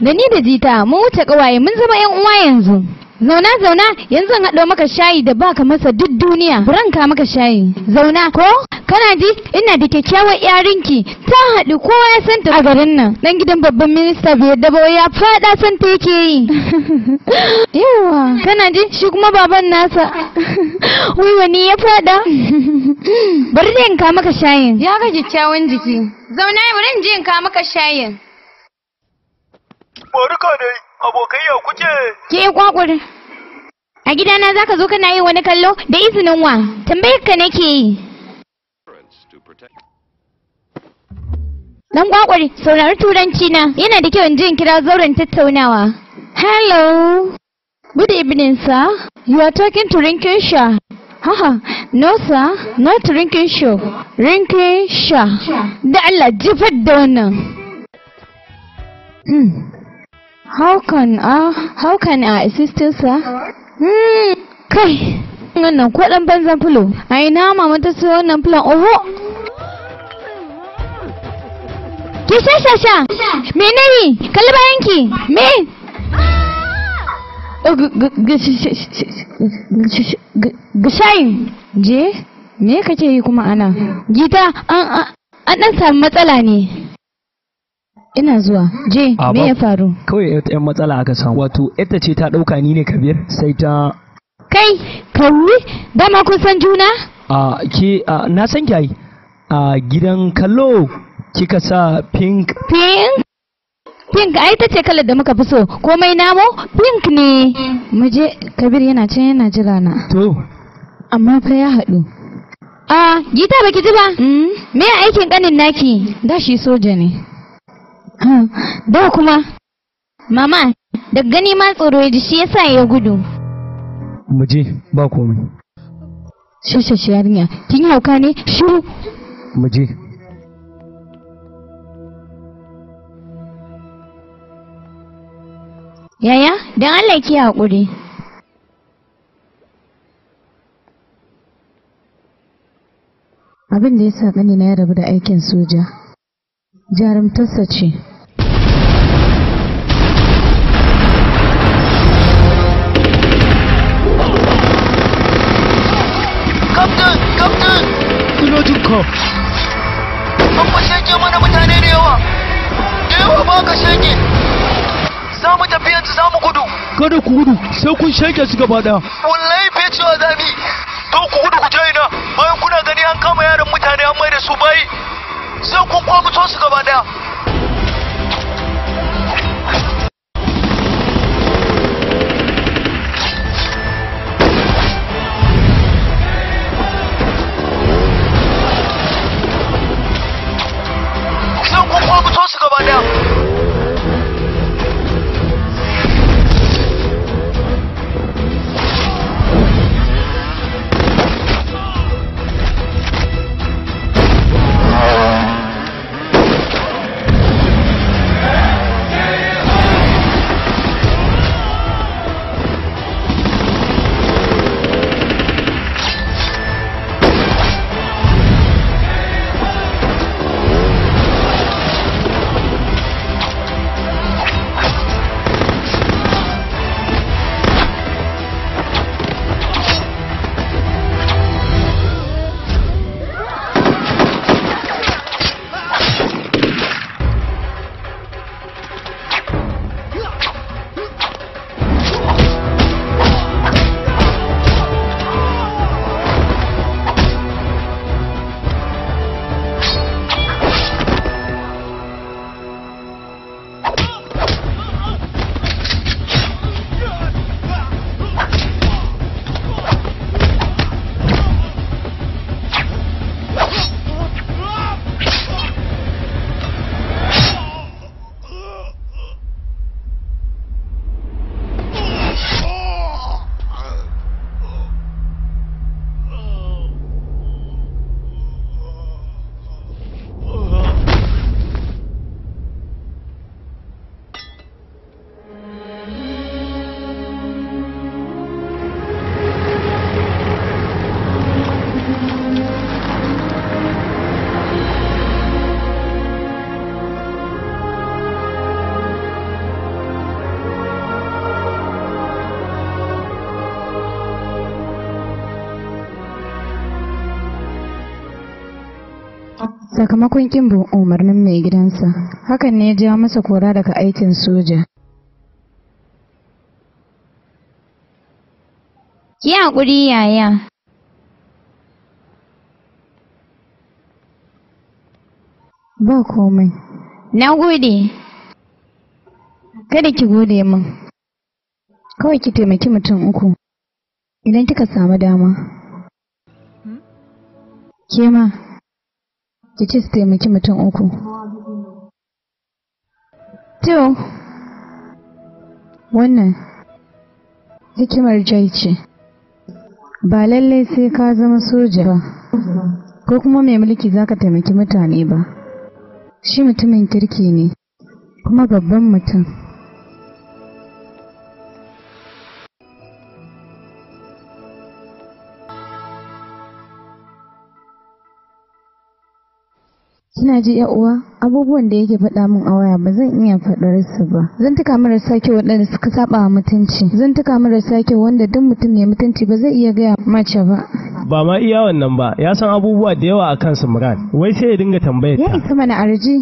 Da ni da jita mun wuce ƙawaye mun zama 'yan uwa yanzu. Zauna zauna yanzu zan haɗo maka shayi da baka masa duk duniya ranka maka shayi. Zauna ko kana ji ina da kyakkyawar yarinki ta haɗu kowa ya santa a garin nan dan gidan babban minista bai yadda ba ya faɗa santa yake yi. Yawa kana ji shi kuma baban nasa wai wani ya faɗa. Bari da in maka shayin. Ya ga kyakkyawan jiki. Zauna bari in je in maka shayin. ka dai. abokai ya kuke ke kwakwar a gidana zaka zo kana yi wani kallo da izinin wa tambayar ka nake yi dan kwakwar saurari turanci na yana da kyau in ji in kira zauren tattaunawa hello good evening sir you are talking to rinkin sha Haha, no sir, not rinkin sha Rinkin sha. Da Allah jifar da wannan. Hmm. How can I, ah, how can I assist you, sir? Hmm, kai, wannan kwaɗan banzan fulo. Ai, na mama ta so wannan fulon, oho! Ki sha sha sha, mene ne, kalli bayan ki, me? Oh, Gashayin, je, me kake yi kuma ana? Gita, an ɗan samu matsala ne. ina zuwa je me ya faru kawai yan matsala aka samu wato ita ce ta ɗauka ni ne kabir sai ta kai kawai dama kun san juna a ke na san ki a gidan kallo kika sa pink pink pink ai ta ce kalar da muka fi so komai namo pink ne je kabir yana can yana jira na to amma fa ya haɗu a gita baki ji ba hmm? me aikin ƙanin naki da shi soja ne da hmm. kuma mama da gani ma tsoro ya ji shi yasa ya gudu mu je ba komai shashe shi yarinya kin yi hauka ne shiru mu je yaya don Allah ki haƙuri abin da ya sa ƙanina ya rabu da aikin soja jarumtarsa ce An mana mutane da Da yawa Kada ku gudu sai kun shaƙe su gaba ɗaya! Wallahi fiye cewa zami! To ku gudu ku ta ina bayan kuna gani an kama yaran mutane an mai da su bayi! 只要库库阿布超市搞半天，只要库库阿布超市搞半天。sakamakon kin bin umarnin mai gidansa hakan ne ya ja masa kora daga aikin soja ki hakuri yaya ba komai na gode kada ki gode min kawai ki taimaki mutum uku idan kika samu dama hmm? ke ma ki su taimaki mutum uku to wannan hikimar jai ce ba lallai sai ka zama soja ba ko kuma mai mulki za ka taimaki mutane ba shi mutumin kirki ne kuma babban mutum kina ji ya uwa abubuwan da yake faɗa min a waya ba zan iya faɗar su ba zan tuka mara sake waɗanda suka saba wa mutunci zan tuka mara sake wanda duk mutum mai mutunci ba zai iya gaya mace ba ba ma iya wannan ba ya san abubuwa da yawa kan su muran wai sai ya dinga tambayar ya isa mana arji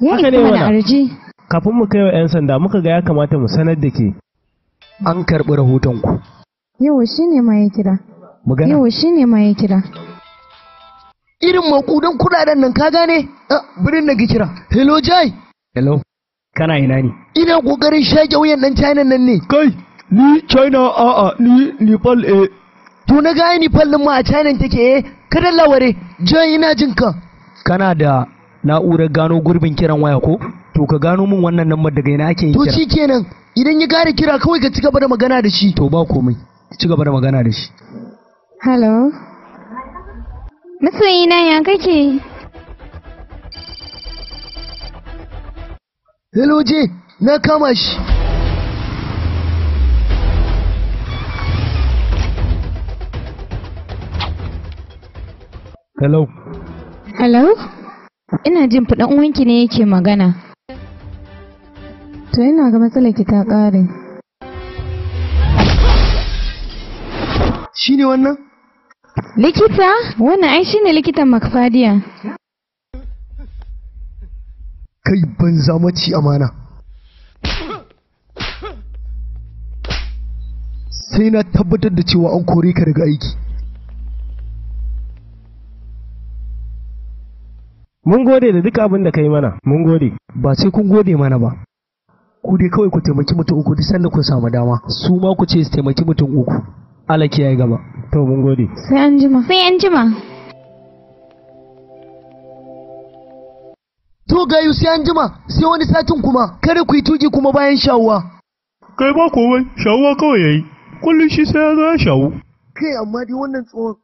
ya isa mana arji kafin mu kai wa 'yan sanda muka ga ya kamata mu sanar da ke an karɓi rahoton ku yawa ne ma ya kira yawa ne ma ya kira irin makudan kudaden nan ka gane ah, birin na kira hello jai hello kana ina ne ina kokarin shage wuyan nan china nan ne kai ni china a'a ni nepal eh to na gaya nepal din ma a china take eh kada laware jai ina jin ka kana da na'urar gano gurbin kiran waya ko to ka gano min wannan lambar daga ina ake kira to shikenan idan ya gane kira kawai ka ci gaba da magana da shi to ba komai ci gaba da magana da shi hello Masoyina ya kake? Hello je, na kama shi. Hello. Hello? Ina jin fudan wanki ne yake magana. To ina ga matsalar ki ta ƙare. Shi ne wannan? Likita? Wannan ai shine likitan makfadiya Kai banza maci amana. Sai na tabbatar da cewa an kore ka daga aiki. Mun gode da duk abin da ka yi mana, mun gode. Ba sai kun gode mana ba. Ku dai kawai ku taimaki mutum uku duk sanda kun samu dama, su ma ku ce su taimaki mutum uku. Allah kiyaye gaba to mun gode sai an jima sai an jima to gayu sai an jima sai wani satin kuma kare ku yi tuki kuma bayan shawuwa kai ba komai shawuwa kawai yayi kullum shi sai ya zo ya shawu kai amma dai wannan tsohon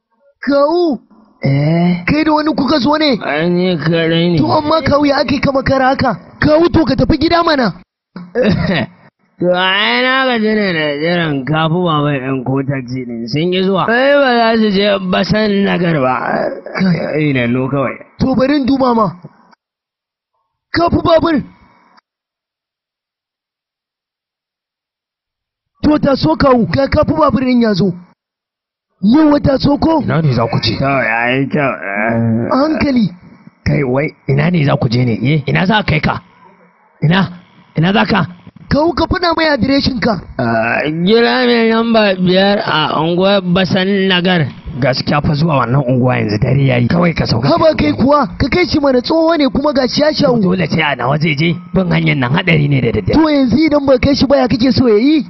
kawu eh. kai da wani kuka zo ne an yi kare ne to amma kawu ya ake kama kara haka kawu to ka tafi gida mana To a na ga ne da jiran kafu ba mai ɗan ko taxi ɗin sun yi zuwa. Kai ba za su je basan nagar ba. Kai na no kawai. To bari duba ma. Kafu babur. To ta so kawo ga kafu babur ɗin ya zo. Yau wata ko? Ina ne za ku je? Kyau ya yi kyau. A hankali. Kai wai ina ne za ku je ne? Eh, ina za ka kai ka? Ina? Ina za ka? kawo ka faɗa mai adireshin ka gira mai namba biyar a unguwar basan nagar gaskiya fa zuwa wannan unguwa yanzu dare yayi kawai ka sauka haba kai kuwa ka kai shi mana tsoho ne kuma ga ya shawo dole sai a nawa zai je bin hanyar nan hadari ne da daddare to yanzu idan ba kai shi baya kake so yayi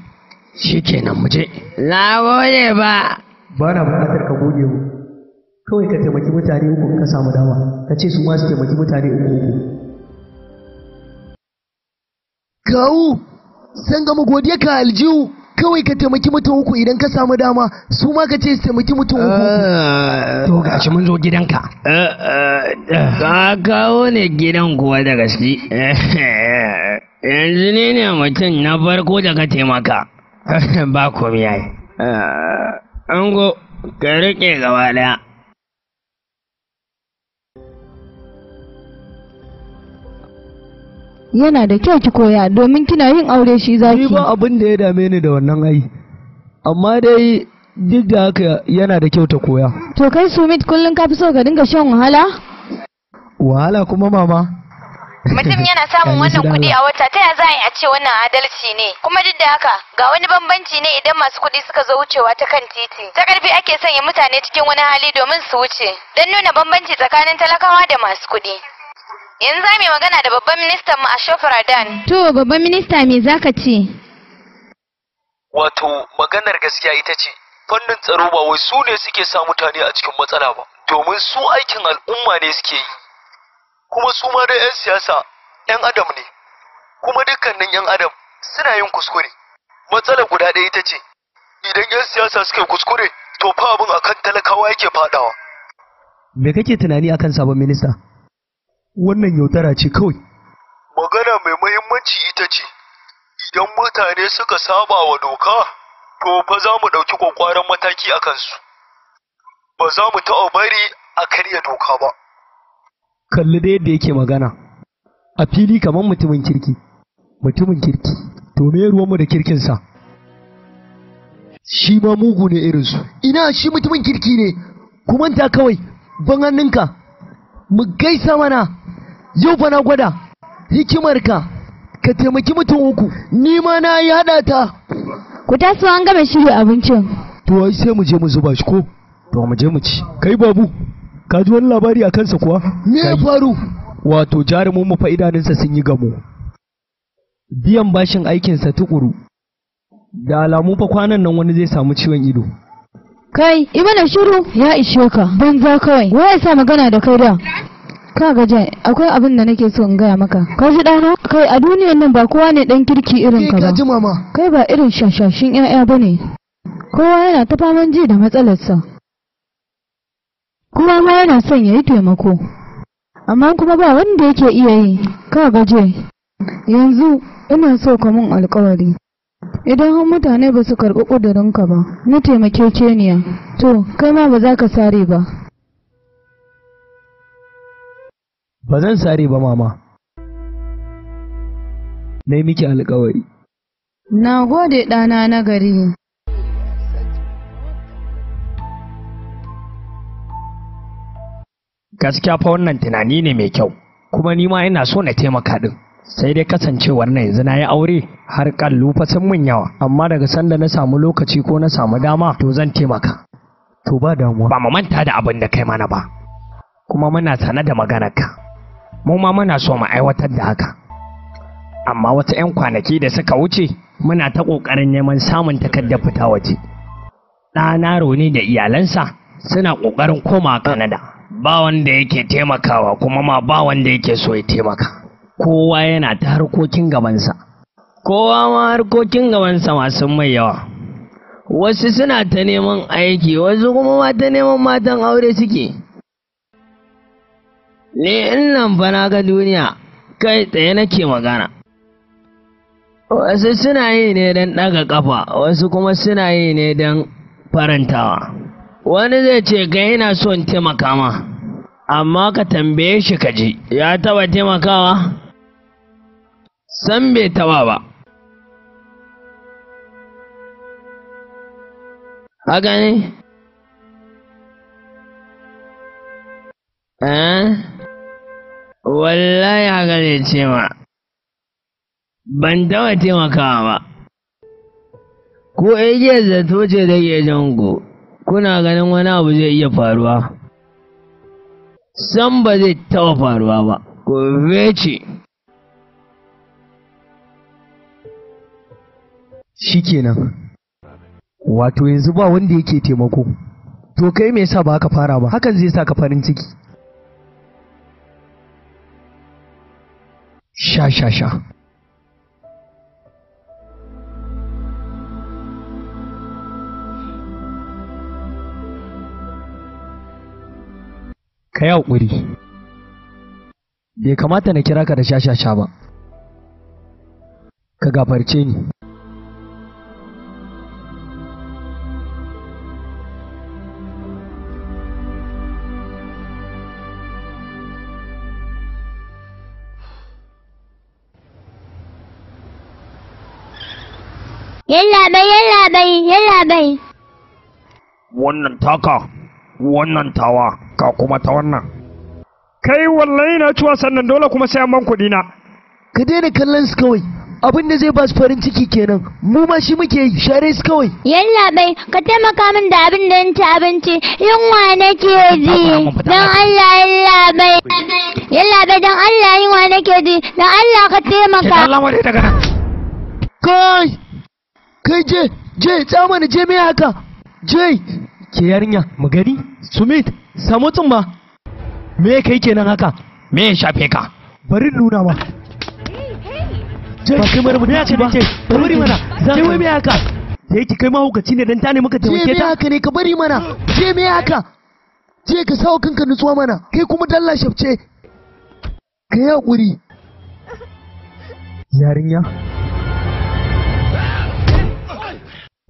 shikenan mu je na gode ba ba na buƙatar ka gode mu kawai ka taimaki mutane uku ka samu dama ka ce su ma su taimaki mutane uku uku kawo san gama godiya ka aljihu kawai ka taimaki mutum uku idan ka samu dama su ma ka ce su taimaki mutum uku eh, to gashi mun zo gidanka eh, eh, ka kawo ne gidan kuwa da gaske yanzu ne ne mutum na farko da ka taimaka ba komai an go ka rike gaba daya yana da kyau ki koya domin kina yin aure shi zaki ni ba abin da ya dame ni da wannan ai amma dai duk da haka yana da kyau ta koya to kai sumit kullum ka fi so ka dinga shan wahala wahala kuma mama mutum yana samun wannan kuɗi a wata ta ya za a ce wannan adalci ne kuma duk da haka ga wani bambanci ne idan masu kuɗi suka zo wucewa ta kan titi ta ƙarfi ake sanya mutane cikin wani hali domin su wuce don nuna bambanci tsakanin talakawa da masu kuɗi Yanzu za mu magana da babban ministan mu Ashok Radan. To babban minista me zaka ce? Wato maganar gaskiya ita ce fannin tsaro ba wai su ne suke sa mutane a cikin matsala ba domin su aikin al'umma ne suke yi kuma su ma da 'yan siyasa 'yan adam ne kuma dukkanin 'yan adam suna yin kuskure matsalar guda ɗaya ita ce idan 'yan siyasa suka yi kuskure to fa abin akan talakawa yake fadawa me kake tunani akan sabon minista wannan yaudara ce kawai magana mai muhimmanci ita ce idan mutane suka saba wa doka to fa za mu ɗauki kwakwaran mataki a kansu ba za mu taɓa bari a karya doka ba kalli da yadda yake magana a fili kamar mutumin kirki mutumin kirki to me ruwanmu da kirkinsa shi ma mugu ne irinsu ina shi mutumin kirki ne ta kawai ban hannunka mu gaisa mana yau fa na gwada hikimarka ka taimaki mutum uku ni ma na yi haɗa ta ku taso an gama shirya abincin to ai sai mu je mu zuba shi ko to mu je mu ci kai babu ka ji wani labari a kansa kuwa me ya faru wato jarumin mu fa sun yi gamo biyan bashin aikinsa tukuru da alamu fa kwanan nan wani zai samu ciwon ido kai imana shiru ya ishe ka banza kawai wai ya sa magana da kai da ka gaje akwai abin da nake so in gaya maka ka ji dano kai a duniyan nan ba kowa ne dan kirki irin ka ba kai ba irin shashashin yaya bane kowa yana ta faman ji da matsalarsa kowa ma yana son ya yi taimako amma kuma ba wanda yake iya yi ka gaje yanzu ina so ka mun alkawari idan har mutane ba su karɓi ƙudurinka ba na taimake taimakekeniya to kai ma ba za ka sare ba ba zan sare ba mama na yi miki alkawari na gode ɗana na gari gaskiya fa wannan tunani ne mai kyau kuma ni ma ina so na taimaka ɗin. sai dai kasancewar na yanzu na yi aure har kallu fa sun mun yawa amma daga sanda na samu lokaci ko na samu dama to zan taimaka to ba damuwa ba mu manta da abin da kai mana ba kuma muna sane da maganarka mu ma muna so mu aiwatar da haka amma wata 'yan kwanaki da suka wuce muna ta ƙoƙarin neman samun takardar fita waje ɗana roni da iyalansa suna ƙoƙarin koma kanada ba wanda yake taimakawa kuma ma ba wanda yake so ya taimaka kowa yana ta harkokin gabansa kowa ma harkokin gabansa masu mai yawa wasu suna ta neman aiki wasu kuma ma ta neman matan aure suke ni nan fa na ga duniya kai tsaye nake magana wasu suna yi ne don ɗaga ƙafa wasu kuma suna yi ne don farantawa wani zai ce ga yana son taimaka ma amma ka tambaye shi ka ji ya taba taimakawa san bai taba ba haka ne eh wallahi haka zai ce ma ban taɓa taimakawa ba ko igiyar zato ce da ke Ku kuna ganin wani abu zai iya faruwa san ba zai taɓa faruwa ba ko ce shikenan wato yanzu ba wanda yake taimako to kai me yasa ba ka fara ba hakan zai sa ka farin ciki sha sha ka yi haƙuri bai kamata na kira ka da sha sha sha ba ka gafarce ni bai, yalla bai. Wannan taka, wannan tawa, ka kuma ta wannan. Kai wallahi na cuwa, sannan dole kuma sai man kuɗi na. Ka daina kallon su kawai. Abin da zai ba su farin ciki kenan, mu ma shi muke yi, share su kawai. bai, ka taimaka min da abin da ci abinci, yunwa nake ji, don Allah Yalla bai, don Allah yunwa nake ji, don Allah ka taimaka. Kai! kai je je tsamani je me haka je ke yarinya mu gani sumit samu tun ba me kai kenan haka me ya shafe ka bari nuna ma ba kai marubuta ce ba bari mana je wai me haka da yake kai mahaukaci ne dan ta ne muka taimake ta je me haka ne ka bari mana je me haka je ka sawo kanka nutsuwa mana kai kuma dalla shafce ka yi hakuri yarinya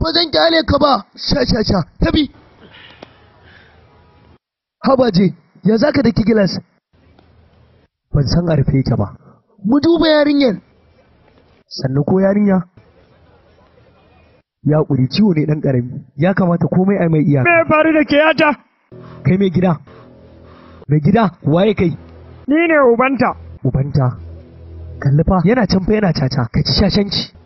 ba zan ka ba sha sha sha tabi habaje ya zaka da kigilas ban san arfe ta ba mu duba yarinyar Sannu ko yarinya ya ƙuri ciwo ne ɗan ƙarami ya kamata komai a mai iya me faru da ke yata kai mai gida mai gida waye kai ni ne ubanta ubanta kalli yana can fa yana caca ka ci shashanci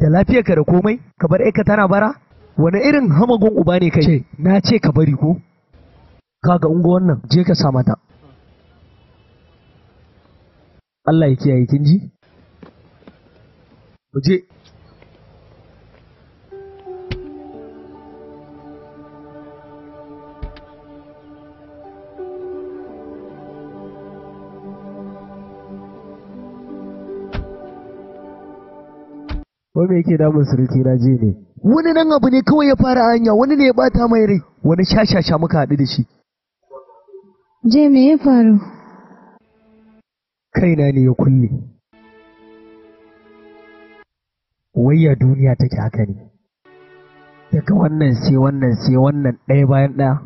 da lafiyarka da komai ka bar ka tana bara wani irin hamagon uba ne kai na ce ka bari ko kaga unga wannan je ka sa mata Allah ya kiyaye kin ji je Wani me yake damun suruki na je ne wani nan abu ne kawai ya fara hanya wani ne ya bata mai rai wani shashasha muka haɗu da shi je me ya faru kaina ne ya kulle wayya duniya take haka ne daga wannan sai wannan sai wannan ɗaya bayan ɗaya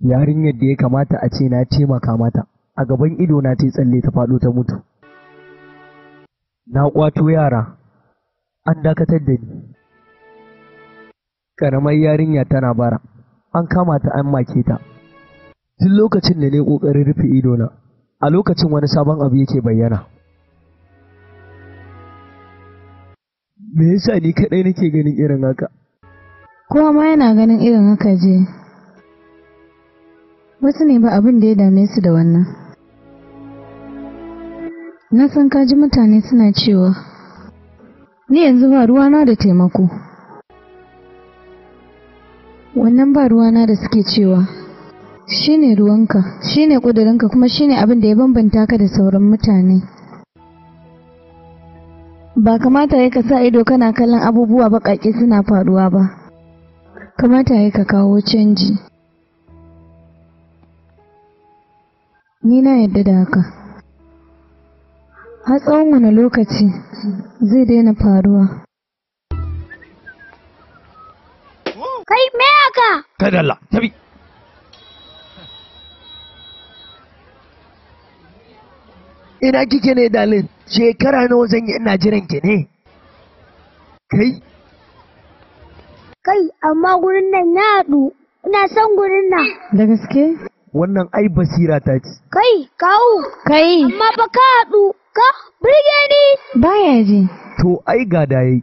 yarinyar da ya kamata a ce na taimaka mata a gaban ido na ta tsalle ta faɗo ta mutu Na ƙwato yara, an dakatar da ni. Ƙaramar yarinya tana bara, an kama ta an make ta. Tun lokacin da ne kokarin ƙoƙarin rufe idona, a lokacin wani sabon abu yake bayyana. Me yasa ni kaɗai nake ganin irin haka? Kowa ma yana ganin irin haka je. Wasu ne ba abin da ya dame su da wannan. Na san ka ji mutane suna cewa, Ni yanzu ba ruwana da taimako. Wannan ba ruwana da suke cewa, shi ne ruwanka, shi ne ƙudurinka kuma shi ne abin da ya bambanta ka da sauran mutane. Ba kamata ya ka sa ido kana kallon abubuwa baƙaƙe suna faruwa ba, kamata ya ka kawo canji. Ni na yarda da haka. har tsawon wani lokaci zai daina faruwa kai me haka kai Allah tabi ina kike ne dalin shekara nawa zan yi ina jiran ki ne kai kai amma gurin nan na haɗu ina son gurin nan da gaske wannan ai basira ta ce kai kawo kai amma ba ka haɗu ka burge ni baya ji to ai ga da yi.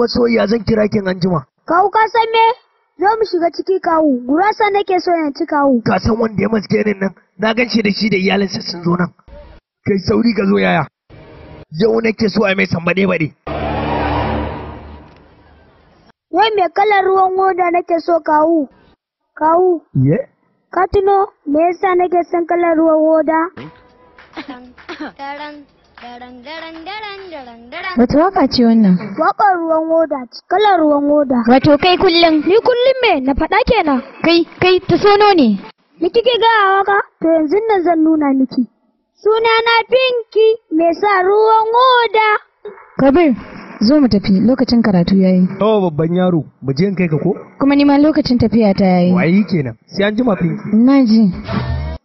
masoyiya zan kira kin anjima kawu ka san me zo mu shiga ciki kawu gurasa nake so na ci kawu ka san wanda ya maske nin nan na ganshi da shi da iyalinsa sun zo nan kai sauri ka zo yaya yau nake so a mai sambade baɗe wai me kalar ruwan hoda nake so kawo? kawu Yeah. Katino, me yasa nake son kalar ruwan hoda? Wata waka ce wannan? Wakar ruwan hoda ce, kalar ruwan hoda. Wato kai kullum? Ni kullum me na faɗa kenan. Kai, kai ta sono ne. Ni kike gaya waka? To yanzu nan zan nuna miki. Sunana Pinky, me sa ruwan hoda. Kabir, zo mu tafi lokacin karatu yayi to babban yaro mu je kai ka ko kuma ni ma lokacin tafiya ta yayi Wai kenan sai an jima finki na ji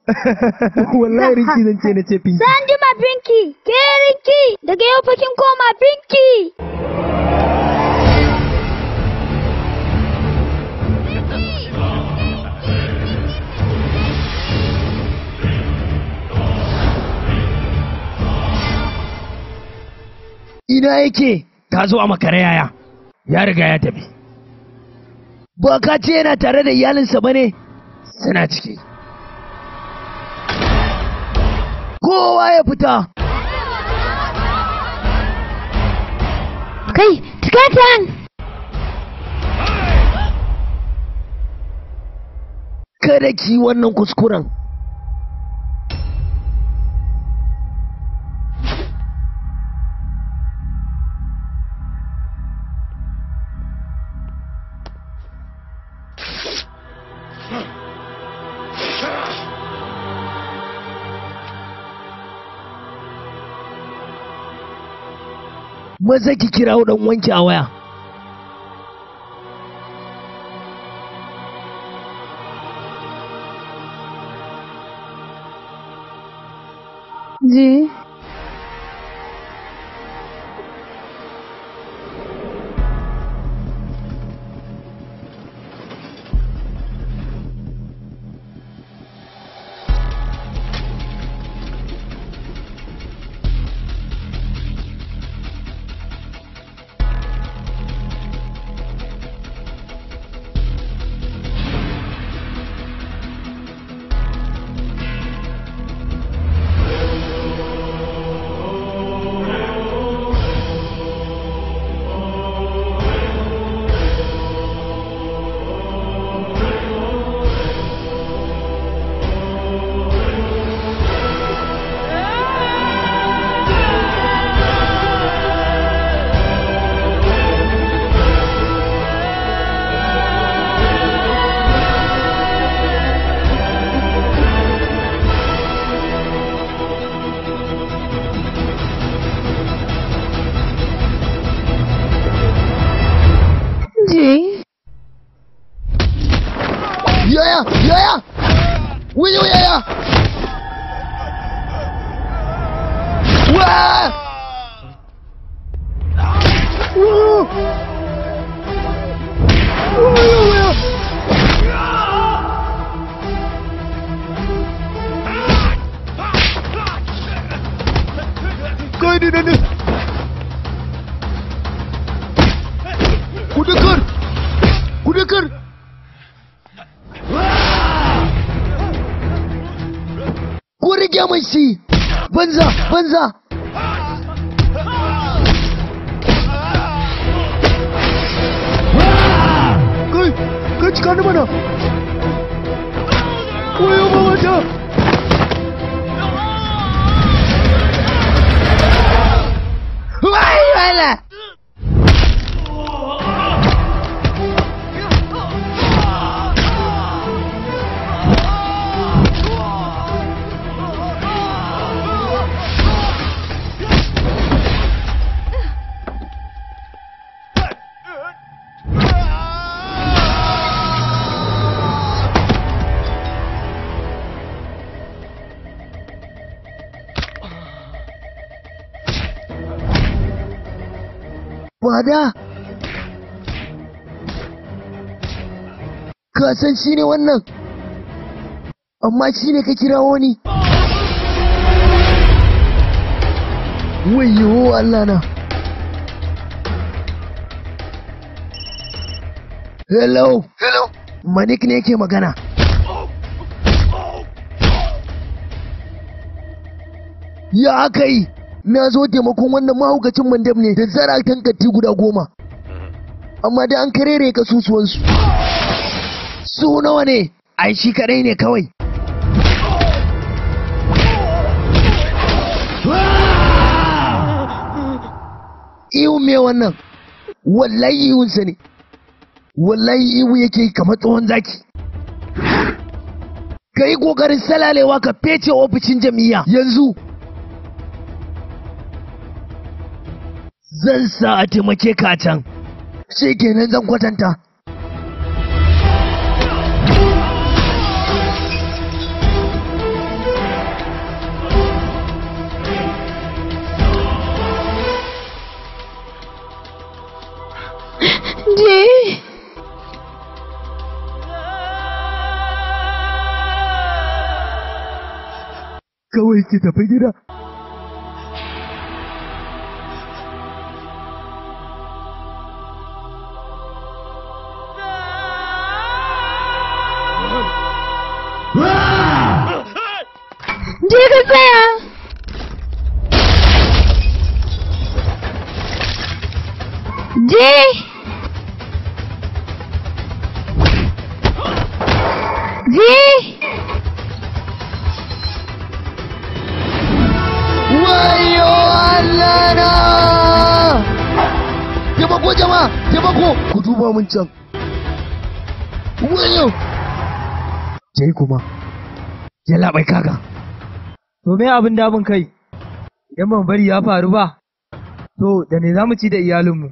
wallahi rinki zan ce na ce finki sai an jima finki ke rinki daga yau fa kin koma finki Ina yake? ka zo a makare yaya ya riga ya tafi ba ka ce yana tare da iyalinsa ba ne suna ciki kowa ya fita kai tikatan kada ki wannan kuskuren zai ki kirawo dan wanki a waya da ka san shi ne wannan amma shi ne ka kira ni wayo Allah na hello hello manik ne yake magana ya aka yi na zo taimakon wannan mahaukacin mandam ne da zaratan katti guda goma amma da an karere susuwansu su nawa ne ai shi kadai ne kawai iwu me wannan wallahi iwunsa ne wallahi iwu yake kamar tsohon zaki ka yi ƙoƙarin salalewa ka fece ofishin jam'iyya yanzu zan sa a taimake ka can shi kenan zan kwatanta Kawai ki tafi gida. Dig it there! Dig! Jemaku jema, jemaku. Kudu bawa mencang. Wenyo. Jadi kuma. Jelah baik kagak. to me abin dabin kai idan ban bari ya faru ba to da ne za mu ci da iyalinmu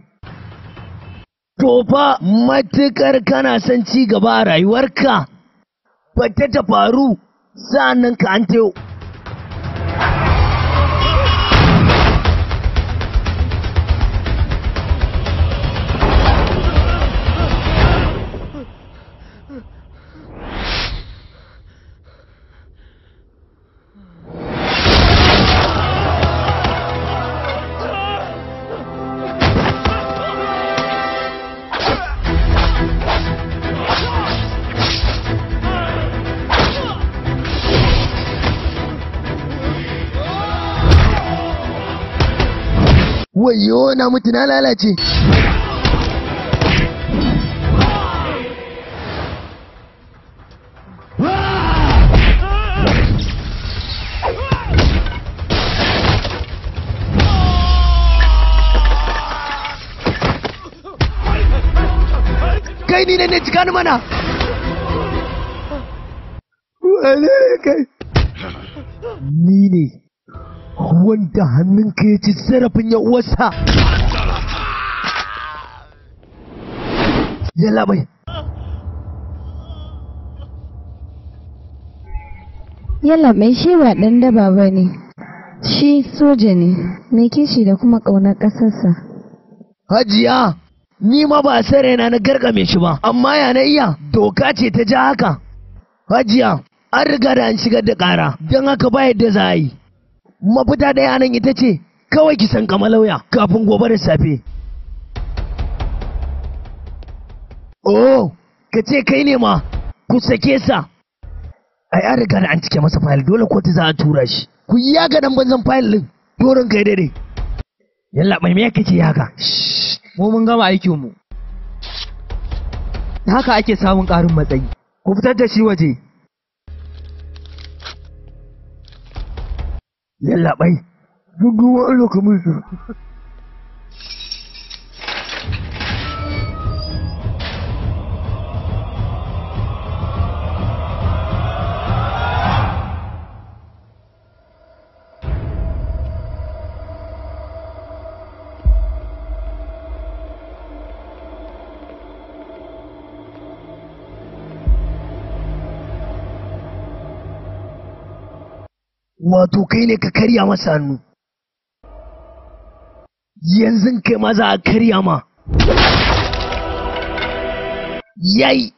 to fa matukar kana son ci gaba a rayuwarka ba ta faru sa'annan ka an tayo wayo na mutu na lalace kai ni ne ne mana wane kai ni ne wanda hannunka ya ci zarafin ya uwarsa yalla bai yalla mai shi ba dan daba ba ne shi soja ne mai kishi da kuma ƙaunar ƙasarsa hajiya ni ma ba sare na na gargame shi ba amma ya na iya doka ce ta ja haka hajiya an riga da an shigar da ƙara don haka ba yadda za yi mafita ɗaya nan ita ce kawai ki san kama lauya kafin gobe da safe oh ka ce kai ne ma ku sake sa ai an riga da an cike masa fayil dole kotu za a tura shi ku yi yaga dan banzan fayil din doron kai daidai yalla mai me kake yaga mu mun gama aikin mu haka ake samun ƙarin matsayi ku fitar da shi waje yallaɓai duk duk wani lokacin wato kai ne ka karya masa hannu yanzu kai maza a karya ma yayi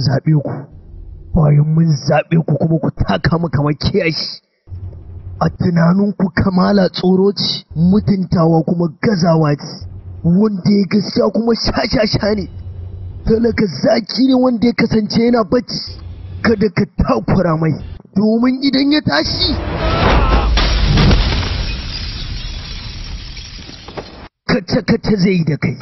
zaɓe ku bayan mun zaɓe ku kuma ku taka mu kamar kiyashi a tunaninku kamala tsoro ce mutuntawa kuma gazawa ce wanda ya gaskiya kuma sha-sha-sha ne talaka zaki ne wanda ya kasance yana bacci kada ka takura mai domin idan ya tashi kace-kace zai yi da kai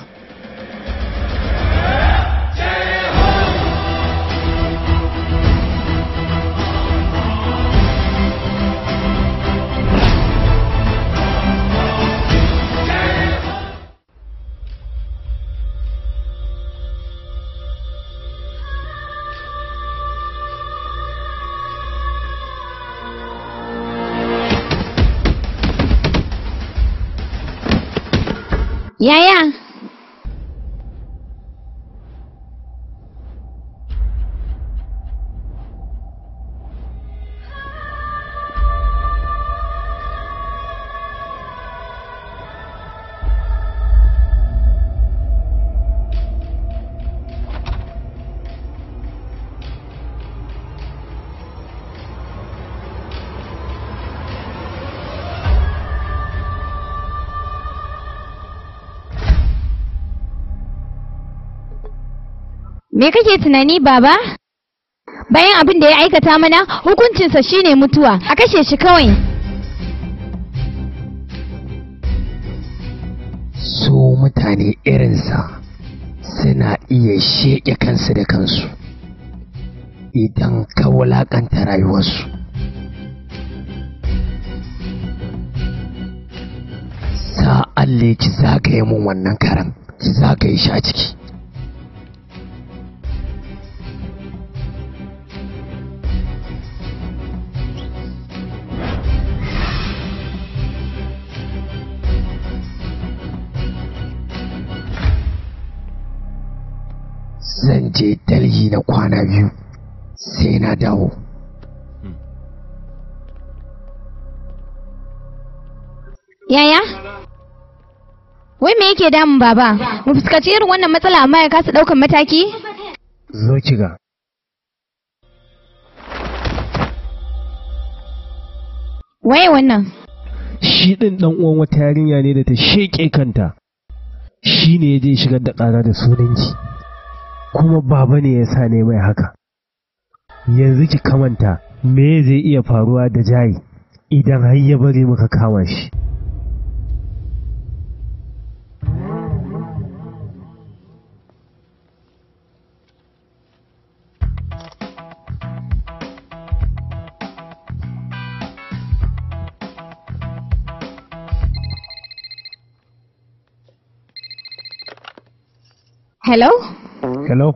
洋洋。Me kake tunani baba? Bayan abin da ya aikata mana hukuncinsa shine mutuwa, a kashe shi kawai. Su mutane irin sa suna iya sheƙe kansu da kansu idan ka wulaƙanta rayuwarsu. Sa'an ki yi mun wannan karan, ki zagaye shi a ciki. je dalhi na kwana biyu sai na dawo yaya wai me yake damun baba mu fuskaci irin wannan matsala amma ya kasa daukan mataki zo ga waye wannan shi ɗin ɗan uwan wata yarinya ne da ta sheƙe kanta shi ne ya je shigar da ƙara da sunanki kuma baba ne ya sa ne mai haka yanzu ki kamanta me zai iya faruwa da jayi idan har ya bari muka kama shi Hello? Hello?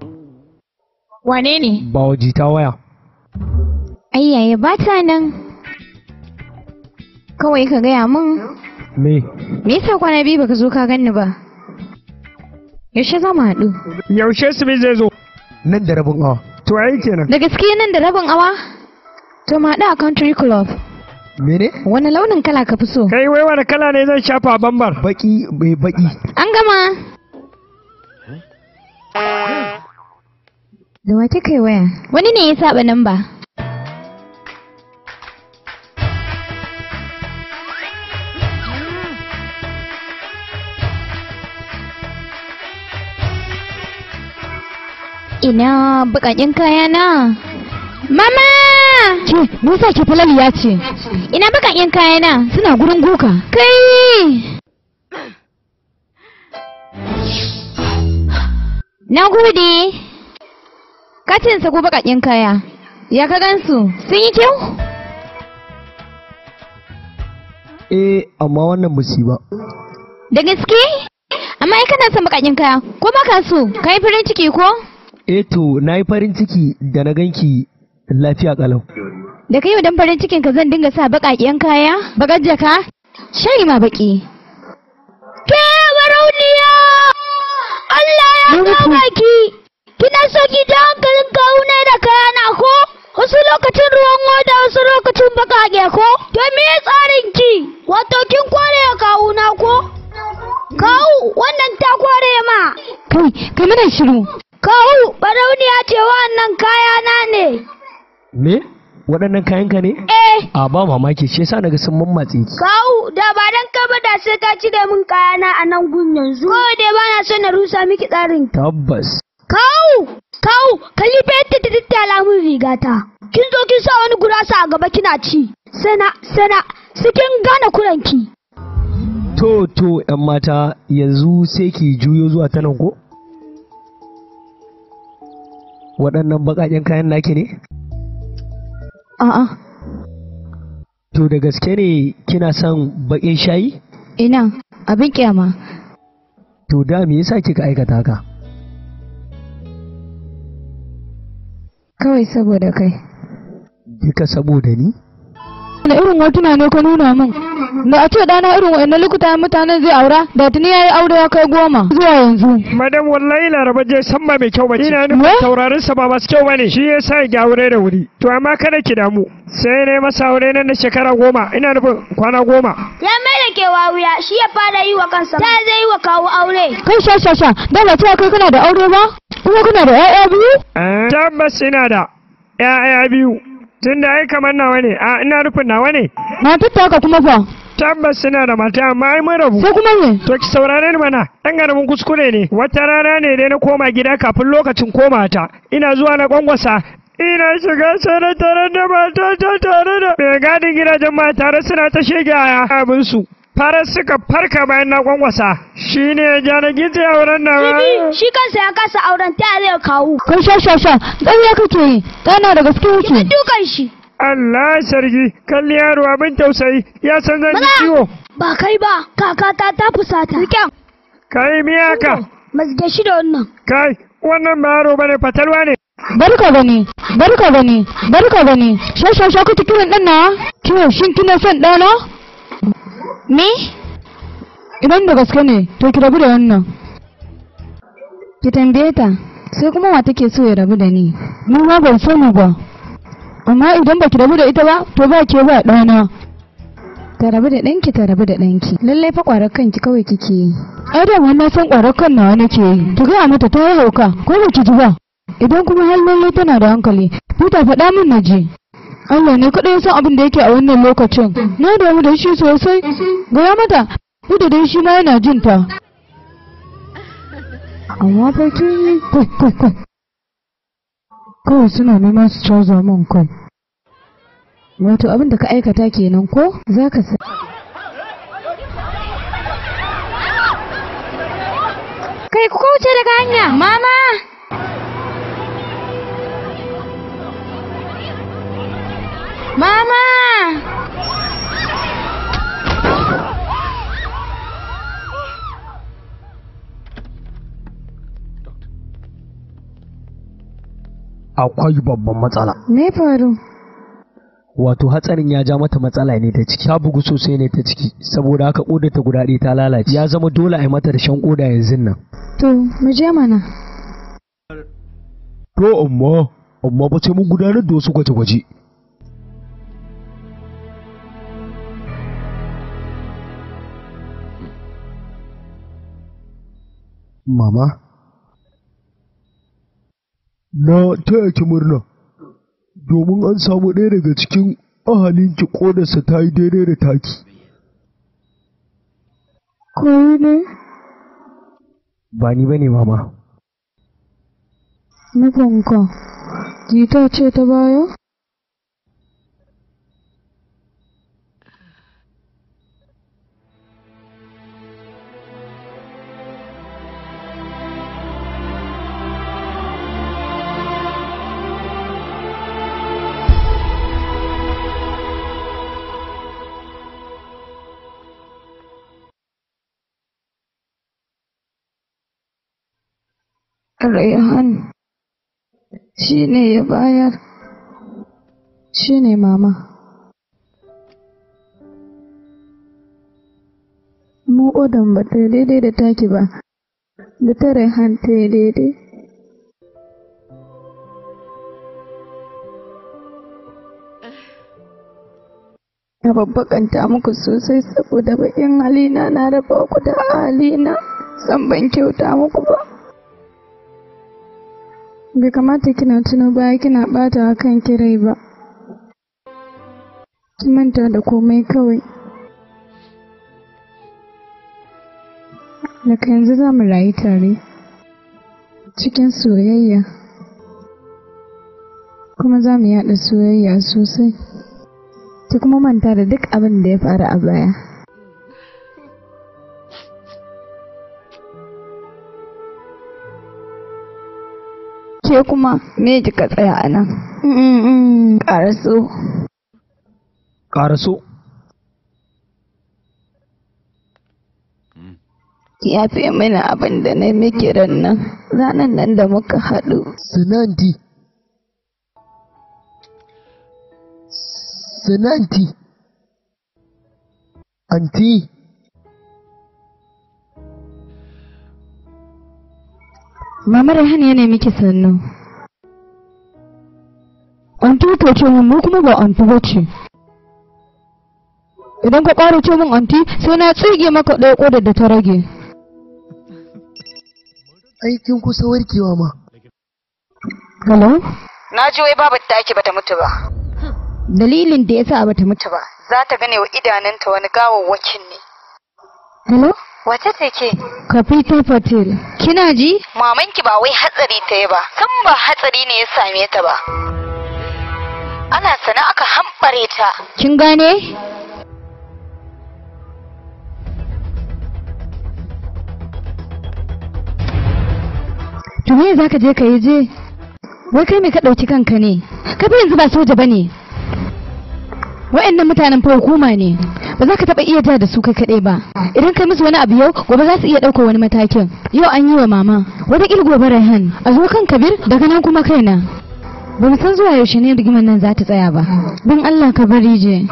Wane ne? Bawaji ta waya. Ayyaye ba ta nan. Kawai ka gaya min. Me? Me yasa kwana biyu baka zo ka ganni ba? Yaushe za mu haɗu? Yaushe su zai zo? Nan da rabin awa. To ai kenan. Da gaske nan da rabin awa? To ma haɗu a Country Club. Mene? Wani launin kala ka fi so? Kai wai wani kala ne zan shafa bambar? Baki bai baki. An gama. Da wata kai waya? Wani ne ya saba namba. Ina bukakin kaya na. Mama! Ke, Musa ke falali ya ce. Ina bukakin kaya na suna gurin guka. Kai! Na gode. Katin sa gobe kakin kaya. Ya ka gansu? Sun yi kyau? Eh, amma wannan musiba. Da gaske? Amma ai kana son bakakin kaya, ko ba ka so? Kai farin ciki ko? Eh to, na yi farin ciki da na ganki lafiya kalau. Da kai dan farin cikin ka zan dinga sa bakakin kaya, Bagajja jaka, shari ma baki. Kai! ya kama ki kina so ki da hankalin kawuna da kayana ko wasu lokacin ruwan da wasu lokacin bakage ko to me tsarin ki wato kin kware ya kawuna ko kawu wannan ta kware ma kai kai mana shiru kawu barauniya ce wannan kayana ne me waɗannan kayan ka ne? Eh. A ba mamaki shi sa naga sun mammatsi ki. Kawu da ba dan ka da sai ka cire min kayana a nan gun yanzu. Ko da ba na so na rusa miki tsarin. Tabbas. Kawu kawu ka yi yadda ta tattala min rigata. Kin zo kin sa wani gurasa a gaba kina ci. Sana sana sikin gane kuranki. To to ƴan mata yanzu sai ki juyo zuwa ta nan ko? Waɗannan baƙaƙen kayan naki ne? A'a. To da gaske ne kina son baƙin shayi? Ina, abin kyama. To da me yasa kika aikata haka? Kawai saboda kai. Kika saboda ni? wani irin hotuna ne ka nuna min da a ce dana irin wa'annan lokuta mutanen zai aura da tuni yi aure ya kai goma zuwa yanzu madam wallahi laraba je san ba mai kyau bace ina nufin taurarin sa ba masu kyau bane shi yasa ya aure da wuri to amma kada ki damu sai ne masa aure nan na shekara goma ina nufin kwana goma ya mai da ke wuya shi ya fara yi wa kansa ta zai yi wa kawo aure kai sha sha sha da ba cewa kai kana da aure ba kuma kuna da ƴaƴa biyu tabbas ina da ƴaƴa biyu tun da ai kamar nawa ne a ina nufin nawa ne matar ka kuma fa tabbas suna da mata amma ai mun rabu sai kuma ne to ki saurare ni mana dan garamin kuskure ne wata rana ne dai na koma gida kafin lokacin koma ta ina zuwa na kwangwasa ina shiga sare tare da mata ta tare da mai gadin gidajen mata tare suna ta shege a abin su farar suka farka bayan na kwankwasa shi ne ya ja na gita wurin da ba. shi kansa ya kasa auren ta zai kawo. kai sha sha sha ɗan ya kake yi na da gaske wuce. ki dukan shi. Allah sarki kalli yaro abin tausayi ya san zan yi ciwo. ba kai ba kakata ta fusata. riken. kai miyaka. Oh, mazge shi da wannan. kai wannan ba yaro bane fatalwa ne. barka gani barka gani barka gani shashasha kuta kiran ɗan na? kiwo shin kina son ɗana? Ni. Idan da gaske ne, to ki rabu da wannan. Ki tambaye sai kuma wa ke so ya rabu da ni. Ni ma ban sani ba. Amma idan baki rabu da ita ba, to ba ke ba ɗana. Ta rabu da ɗanki, ta rabu da ɗanki. Lallai fa ƙwarar ki, kawai kike yi. Ai da wannan san ƙwarar kan nawa nake yi. Ki mata ta yi hauka, ko ki ji ba. Idan kuma har lallai tana da hankali, ku ta faɗa min na je. Allah ne kaɗai san abin da yake a wannan lokacin mm. na damu da shi sosai mm -hmm. gaya mata da dai shi ma yana jin ta amma fa kin kai kai kai kawai suna neman su canza min kai wato abin da ka aikata kenan ko za ka sa kai ku kauce daga hanya mama Mama! Akwai babban matsala. Me faru? Wato hatsarin ya ja mata matsala ne ta ciki, ta bugu sosai ne ta ciki, saboda haka ƙoda ta guda ɗaya ta lalace. Ya zama dole a yi mata da shan ƙoda yanzu nan. To, mu je mana. To, amma, amma ba sai mun gudanar da wasu gwaje-gwaje. Mama, na taya ki murna, domin an samu ɗaya daga cikin ahalinki ƙodarsa ta yi daidai da taki. Koyi ne? Ba ni ba ne, Mama. Nufinka, jita ce ta baya? Rayhan shi ne ya bayar, shi ne mama. Mu odan ba ta daidai da taki ba, da ta ta daidai. babba babbakanta muku sosai saboda baƙin halina na raba ku da halina, san ban kyauta muku ba. bai kamata kina tuno baya kina ɓata kan kirai ba ki manta da komai kawai daga yanzu za mu rayu tare cikin soyayya kuma za mu yaɗa soyayya sosai Ta kuma manta da duk abin da ya faru a baya ke kuma me kika tsaya a nan ƙaraso ƙaraso ya fi mana abin da na muke ran nan ranar nan da muka haɗu sinanti sinanti anti Mama Rayhan ne muke sannu. Anti ko ce mun mu kuma ba an ba ce. Idan ka ƙara ce mun anti sai na tsige maka ɗaya ƙodar da ta rage. Aikin kusa warkewa ma. Hello? Na ji wai babu taki bata mutu ba. Dalilin da yasa bata mutu ba, za ta gane wa idananta wani gawawwakin ne. Hello? Wace ce Ka Kafita Patel. Kina ji? Mamanki ba wai hatsari ta yi ba, kan ba hatsari ne ya same ta ba. Ana sana aka hambare ta. Kin gane? Tumi za ka je ka yi je? Wai kai me ka ɗauki kanka ne? Ka yanzu ba soja ba ne. wa'annan mutanen fa hukuma ne ba za ka taba iya ja da su kai kadai ba idan ka musu wani abu yau gobe za su iya ɗaukar wani matakin yau an yi wa mama wata kil gobe rahan a zo kan kabir daga nan kuma kaina ba mu san zuwa yaushe ne rigimar nan za ta tsaya ba don Allah ka bari je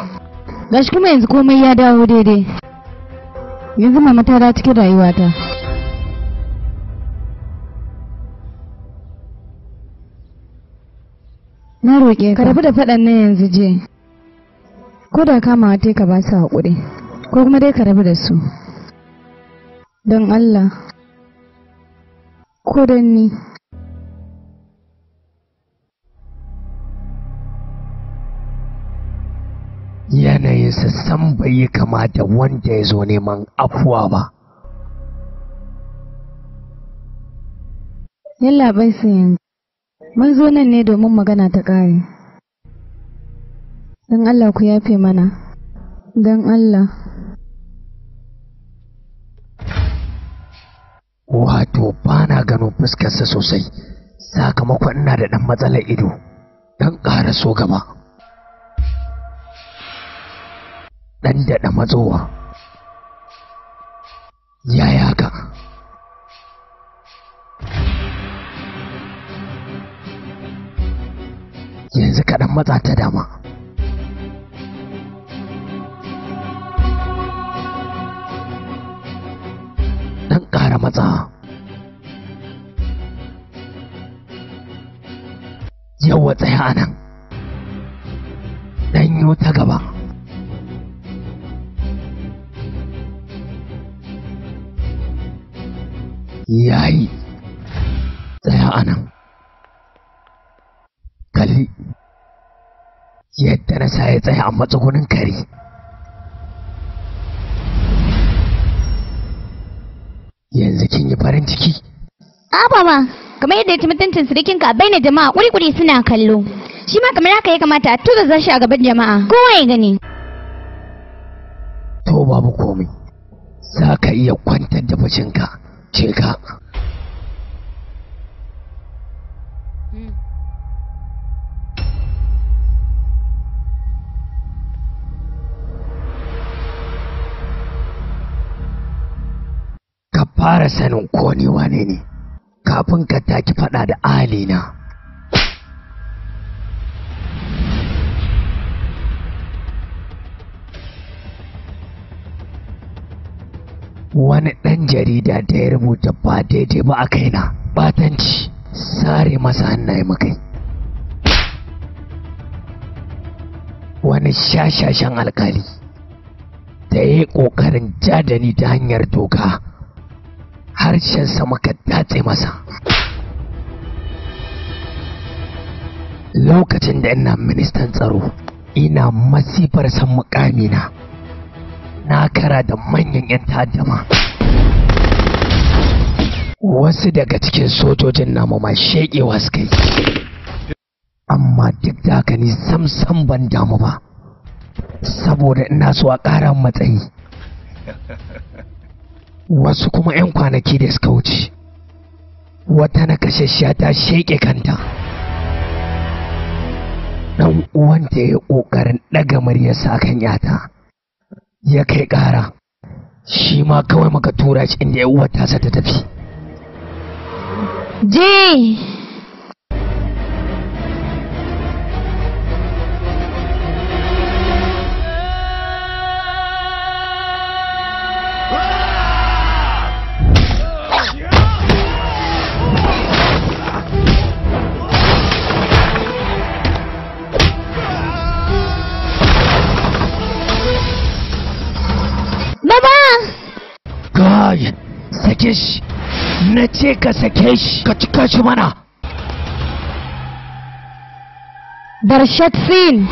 gashi kuma yanzu komai ya dawo daidai yanzu mama ta da cikin rayuwata na roƙe ka rabu da faɗan nan yanzu je ko da kama wata ka ba su haƙuri ko kuma dai ka rabu da su don Allah ko don ni yanayinsa san bai yi kama wanda ya zo neman afuwa ba Yallaɓai su yanzu mun zo nan ne domin magana ta ƙare Dan Allah ku yafe mana. Don Allah. Wato ba na gano fuskarsa sosai, sakamakon ina da ɗan matsalar ido, ɗan ƙara gaba. Ɗan daɗa matsowa. Yaya ka Yanzu kaɗan matsa ta dama. dan ƙara matsa yawa tsaya nan yi ta gaba yayi tsaya anan kalli yadda na sa ya tsaya a matsugunin kare yi farin ciki Aba ma kamar yadda ya mutuntun mutuncin sirikin ka bai na jama'a kuri-kuri suna kallo shi ma kamar haka ya kamata a tura zashi a gaban jama'a kowa ya gani to babu komai za ka iya kwantar da fushinka ce ka fara sanin ko ni wane ne kafin ka taki faɗa da na. wani ɗan jarida da ya rubuta ba daidai ba a na, batanci sare masa hannaye makai wani shashashen alkali da ya yi ƙoƙarin jadani ta hanyar doka harshensa muka datse masa lokacin da ina ministan tsaro ina masifar san mukamina na kara da manyan 'yan tadama wasu daga cikin sojojin namu ma shekewa suka yi amma duk da haka ni sam ban damu ba saboda ina so a ƙara matsayi wasu kuma 'yan kwanaki da suka wuce wata nakashashsha ta sheke kanta ɗan uwanta ya yi ƙoƙarin ɗaga muryarsa kan yata ya kai ƙara shi ma kawai muka tura shi inda ya uwar tasa ta tafi je sake shi na ce ka sake shi ka cika shi mana barshat sin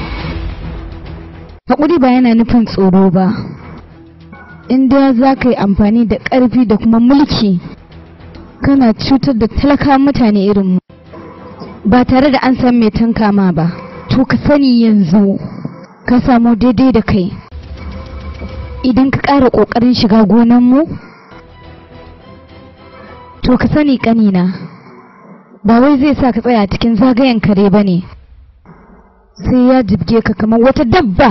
haƙuri ba yana nufin tsoro ba inda za ka yi amfani da ƙarfi da kuma mulki kana cutar da talaka mutane irin mu ba tare da an san mai tankama ba to ka sani yanzu ka samu daidai da kai idan ka ƙara ƙoƙarin shiga gonan mu to ka sani kanina ba wai zai sa ka tsaya cikin zagayen kare ba ne sai ya jibge ka kamar wata dabba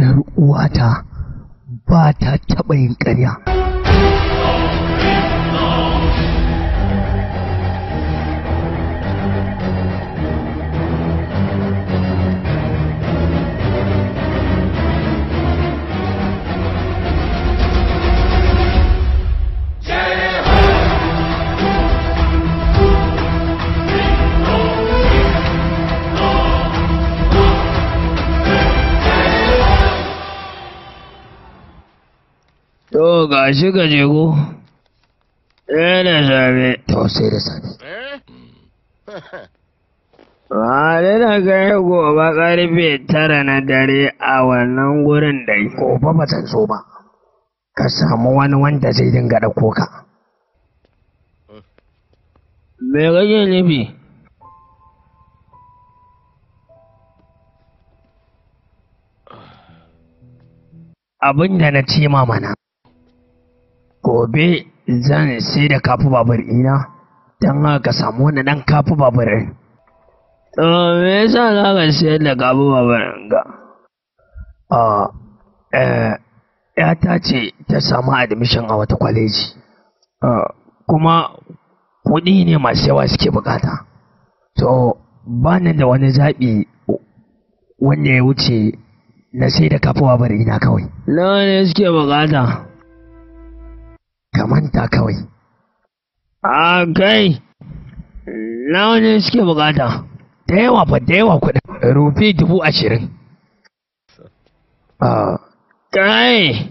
‘yar uwata ba ta taɓa yin ƙarya. To ga shi gajego. Sai eh, da safe. To sai da safe. Hade eh? da kai gobe karfe tara na dare a wannan gurin yi. Gobe ba zan so ba. Ka samu wani wanda zai dinga ɗauko ka. Me kake nufi? Abin da na ce ma mana. Gobe zan da kafin babur ina don haka ka samu wani ɗan kafin babur ɗin. To me yasa za ka sayar da kafin babur ɗinka? A, ya eh, ta ce ta samu admission a wata kwaleji. kuma kuɗi ne masu yawa suke bukata To ba ni da wani zaɓi wanda ya wuce na da kafin babur ina kawai. Na wani suke buƙata? ka manta kawai a kai nawa ne suke bukata da yawa fa da yawa kuɗi rufi dubu ashirin kai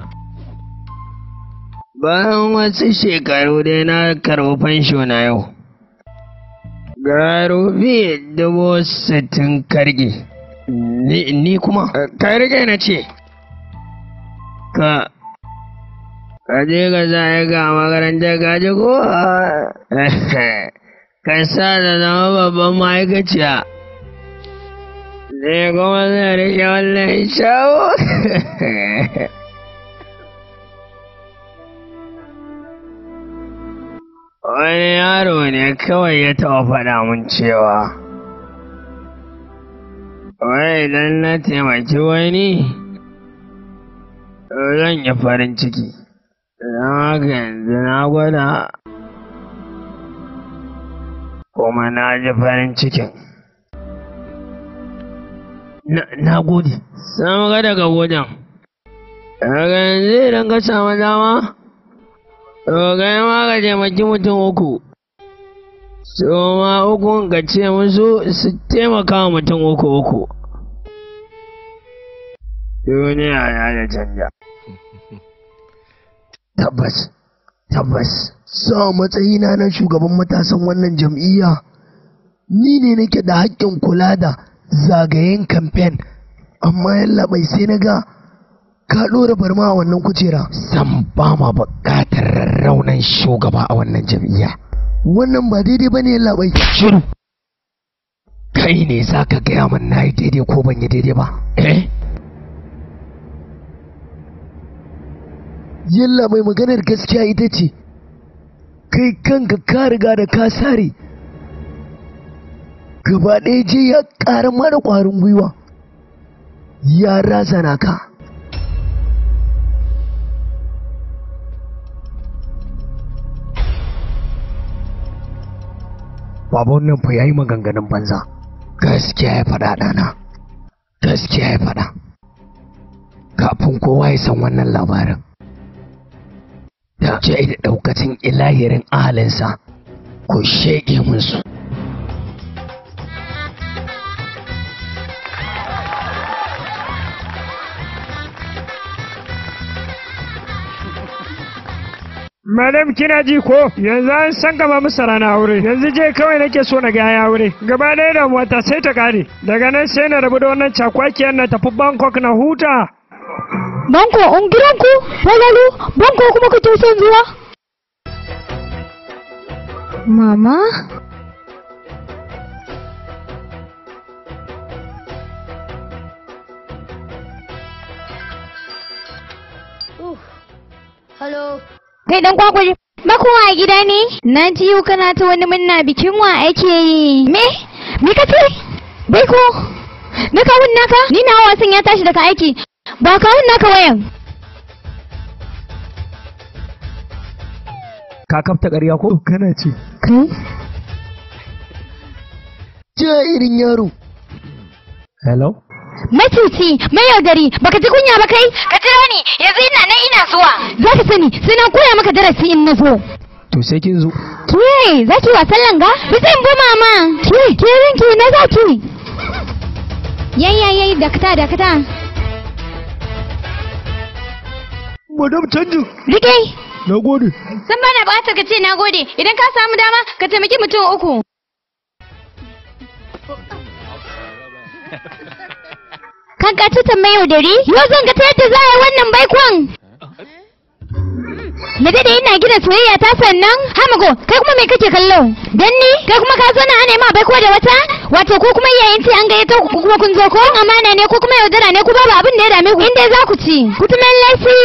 bayan wasu shekaru dai na karɓi fansho na yau ga rufi dubu sittin karge ni kuma karge na ce ka kaje ka ga makarantar kaji ko ka sa da zama babban ma'aikaciya ne kuma zai rike wannan shawo wani yaro ne kawai ya taɓa faɗa mun cewa wai idan na taimaki wani zan yi farin ciki Na haka yanzu na gwada kuma na ji farin cikin. Na gode. Samu ga daga wajen. Daga yanzu idan ka samu dama, to kai ma ka taimaki mutum uku. Su ma uku ka ce musu su taimaka mutum uku uku. Duniya ya da canja. tabbas tabbas sa matsayi na shugaban matasan wannan jam'iyya ni ne nake da haƙƙin kula da zagayen kamfen amma yalla bai sai na ga ka ɗora barma a wannan kujera san ba ma buƙatar raunan shugaba a wannan jam'iyya wannan ba daidai ba ne yalla bai shiru kai ne za ka gaya min na yi daidai ko ban yi daidai ba eh yalla mai maganar gaskiya ita ce kai kanka ka riga da ka sare gaba ɗaya je ya ƙara mana ƙwarin gwiwa ya razana ka baban nan fa yayi maganganun banza gaskiya ya faɗa ɗana gaskiya ya faɗa kafin kowa ya san wannan labarin da da ɗaukacin ilahirin ahalinsa ku shege musu Madam kina ji ko yanzu an san gama musu rana aure yanzu je kawai nake so na gaya ya aure gaba ɗaya da ta sai ta kare daga nan sai na rabu da wannan cakwakiyar na tafi Bangkok na huta banko gidanku walalu banko kuma ka son zuwa mama Hello. Kai dan kwakwai makowa a gida ne? Na ji kana ta wani munna bikin wa ake yi. Me? Me kace? Bai ko? Na kawun naka? Ni na wasan ya tashi daga aiki. ba kawun naka wayan ka kafta ƙarya ko kana ce kai ce irin yaro hello macuci mai yaudari baka ji kunya ba kai ka jira ni yanzu ina nan ina zuwa za ka sani sai na koya maka darasi in na zo to sai kin zo ke za ki wasan langa bi zan bu mama ke ke ranki na za ki yayi yayi dakata dakata madam canjin rike na gode san bana bata ka ce na gode idan ka samu dama ka taimaki mutum uku kan ka ci dare yau zan ga ta yadda za a yi wannan baikon na dade ina gina soyayya ta sannan hamago kai kuma me kake kallo Danni. ni kai kuma ka zo na ana ma bai ko da wata wato ko kuma yayin ce an gayyato ku kuma kun zo ko amana ne ko kuma yaudara ne ku babu abin da ya dame ku inda za ku ci kutumen laifi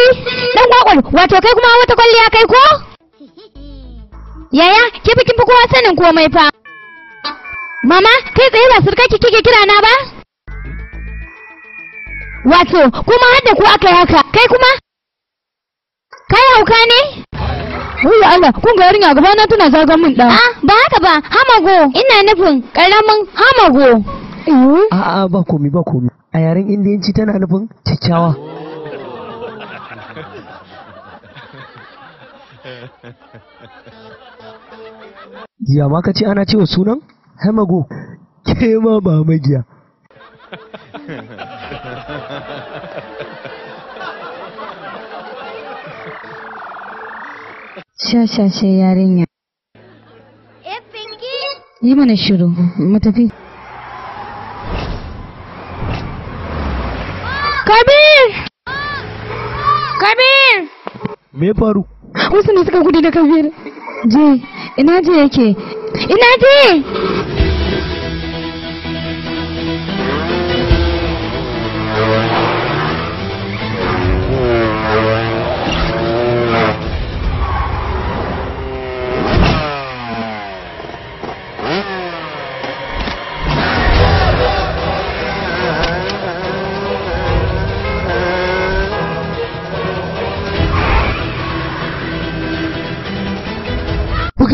dan kwakwal wato kai kuma wata kwalliya kai ko yaya ke bikin fi kowa sanin komai fa mama kai tsaye ba surka ki kike kira na ba wato kuma hadda ku aka yi haka kai kuma kai hauka ne Wai Allah kun ga yarinya gaba na tana zagan min da ah ba haka ba hamago ina nufin karamin hamago a'a ba komi ba komi a yaren indiyanci tana nufin kyakkyawa ya ma ka ce ana cewa sunan hamago ke ma ba magiya shashashe yarinya eh, yi mana shiru matafi. kabir kabir me faru wasu ne suka gudu da kabir je ina je yake ina je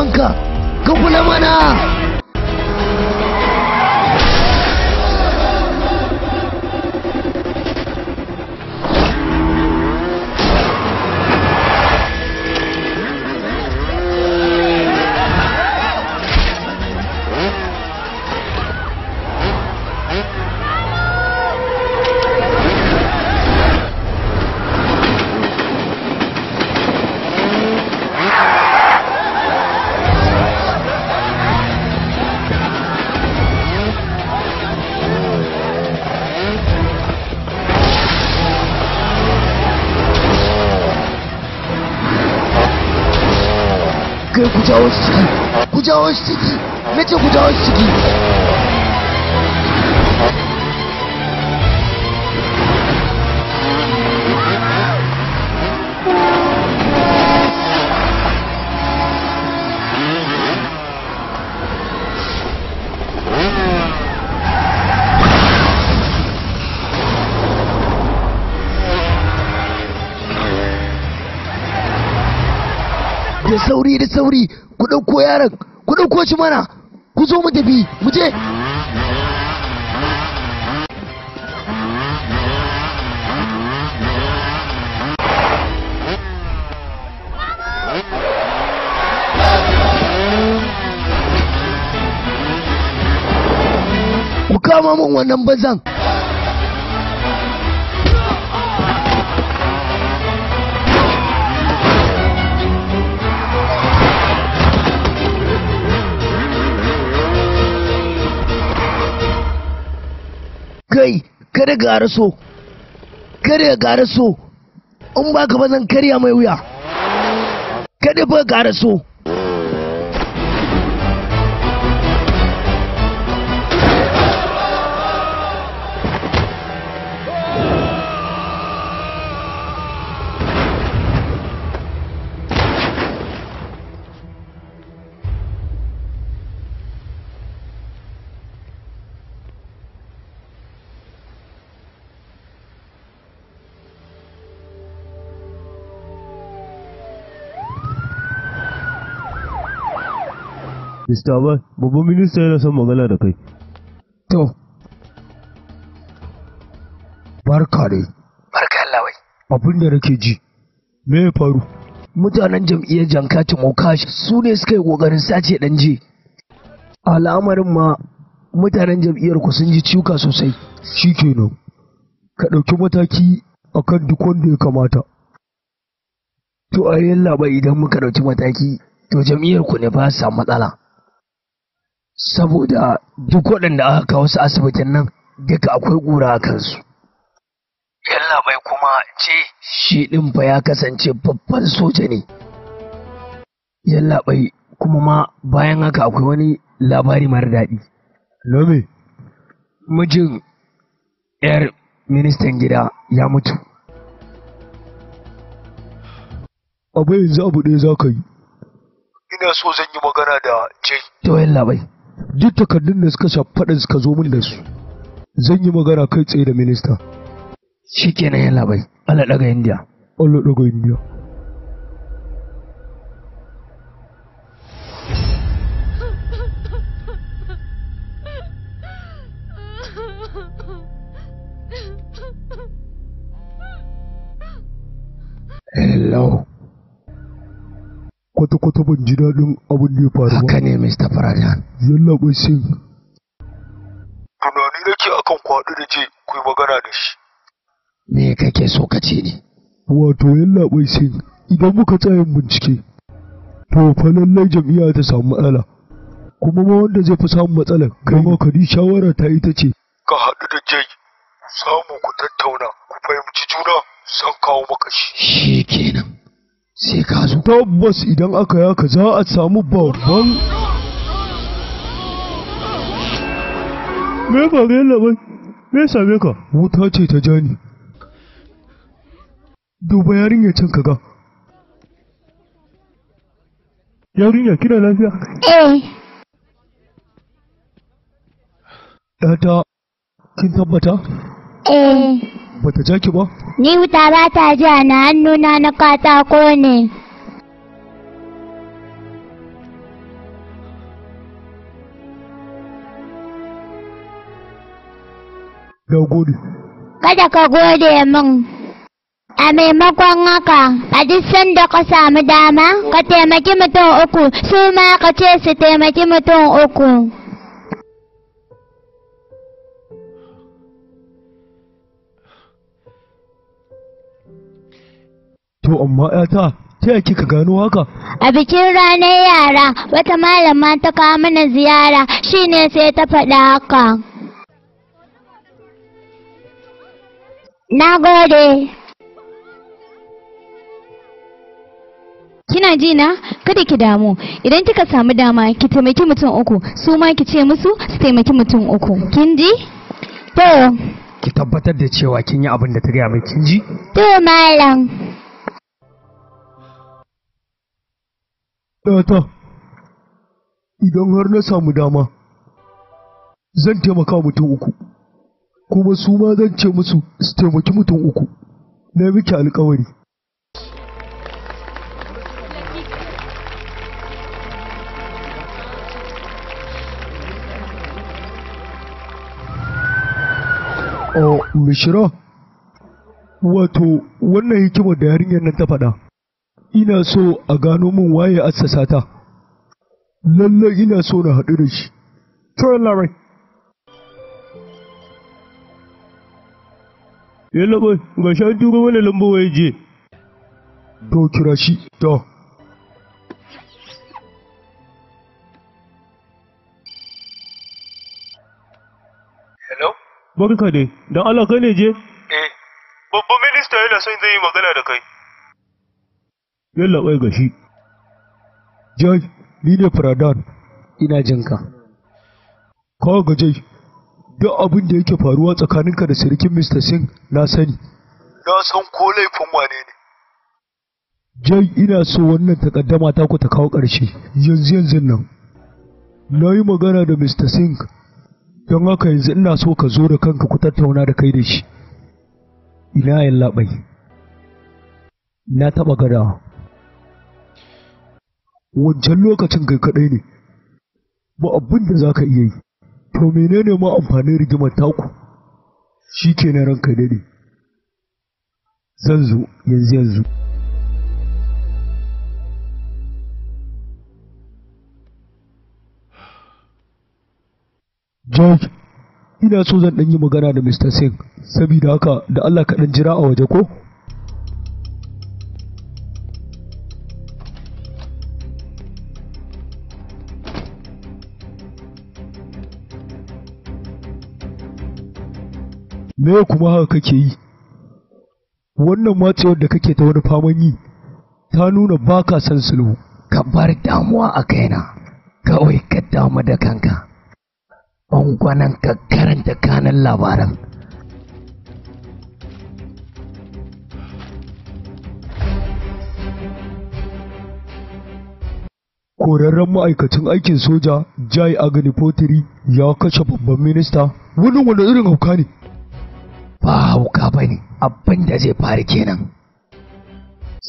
banka sauri ku ɗauko yaron ku ɗauko shi mana ku zo mu tafi mu je ku kama min wannan bazan kada gara so kada ya gara so in ba ka ba zan karya mai wuya kada ba gara so Mr. Abba, babban minista yana son magana da kai. To, barka dai. Barka Allah wai. Abin da nake ji, me ya faru? Mutanen jam'iyyar Jankati Mokash su ne suka yi ƙoƙarin sace ɗan je. Al'amarin ma mutanen jam'iyyar ku sun ji ciwuka sosai. Shi kenan, ka ɗauki mataki akan duk wanda ya kamata. To a yi labai idan muka ɗauki mataki, to jam'iyyar ku ne ba sa matsala. saboda duk waɗanda aka kawo su asibitin nan duka akwai ƙura a kansu yalla bai kuma ce shi ɗin fa ya kasance babban soja ne yalla kuma ma bayan haka akwai wani labari mara daɗi lome mijin 'yar ministan gida ya mutu abai yanzu abu ɗaya za ka yi ina so zan yi magana da ce to yalla duk takardun da suka shafi faɗin suka zo min da su zan yi magana kai tsaye da minista shi kenan yana bai ala daga indiya ala daga indiya Hello. kwata-kwata ban ji daɗin abin da ya faru ba. Haka ne Mr. Faradhan. Yalla bai sin. Tunani nake akan kwaɗi da je ku yi magana da shi. Me kake so ka ce ne? Wato yalla bai sin idan muka tsayin bincike. To fa lallai jam'iyya ta samu matsala. Kuma ma wanda zai fi samun matsalar kai ma ka shawara ta ita ce. Ka haɗu da jai samu ku tattauna ku fahimci juna zan kawo maka shi. Shi kenan. sai ka zo tabbas idan aka yaka za a samu babban me ba ga bai me same ka wuta ce ta jani duba yarinya can ka ga yarinya kina lafiya eh ta kin tabbata eh Bata ja ki ba? Ni wuta ba ta ja na hannuna na katako ne. Da gode. Kada ka gode min. A maimakon haka, a duk sanda ka samu dama, ka taimaki mutum uku, su ma ka ce su taimaki mutum uku. To amma ‘yata, ta kika gano haka? A bikin ranar yara, wata malama ta kawo mana ziyara shine sai ta faɗa haka. Na gode. kina ji na kada ki damu idan kika samu dama ki taimaki mutum uku su ma ki ce musu su taimaki mutum uku kin ji to ki tabbatar da cewa kin yi abin da ta gaya mai kin ji to malam Ɗata, idan har na samu dama, zan taimaka mutum uku, kuma su ma zan ce musu su taimaki mutum uku, na miki alkawari. O, oh, Mishira, wato wannan hikimar da yarinyar nan ta faɗa. ina so a gano min waye assasa ta lallai ina so na haɗu da shi Larry. Yalla bai, ga shan turo wani lambo ya je. To kira shi, to. Hello? Barka dai, don Allah kai ne je? Eh, babban minista yana son zai yi magana da kai. yallaɓai ga shi jaj ni ne faradan ina jinka ka ga duk abin da yake faruwa tsakaninka da sirikin mr singh na sani na san ko laifin wane ne jai ina so wannan takaddama ta ku ta kawo ƙarshe yanzu yanzu nan na yi magana da mr singh don haka yanzu ina so ka zo da kanka ku tattauna da kai da shi ina yin labai na taɓa gadawa wancan lokacin kai kaɗai ne ba abin da za ka iya yi to menene ma amfanin rigimar taku shi ke na ranka daɗe zan zo yanzu yanzu George, ina so zan ɗan yi magana da Mr. Singh, saboda haka da Allah ka ɗan jira a waje ko? me kuma haka kake yi wannan matsewar da kake ta wani faman yi ta nuna baka ka son sulhu ka bar damuwa a kaina kawai ka damu da kanka ɓangwanan ka karanta kanan labaran korarren ma'aikacin aikin soja jai agani potiri ya kashe babban minista wannan wanda irin hauka ne ba hauka ba ne abin zai faru kenan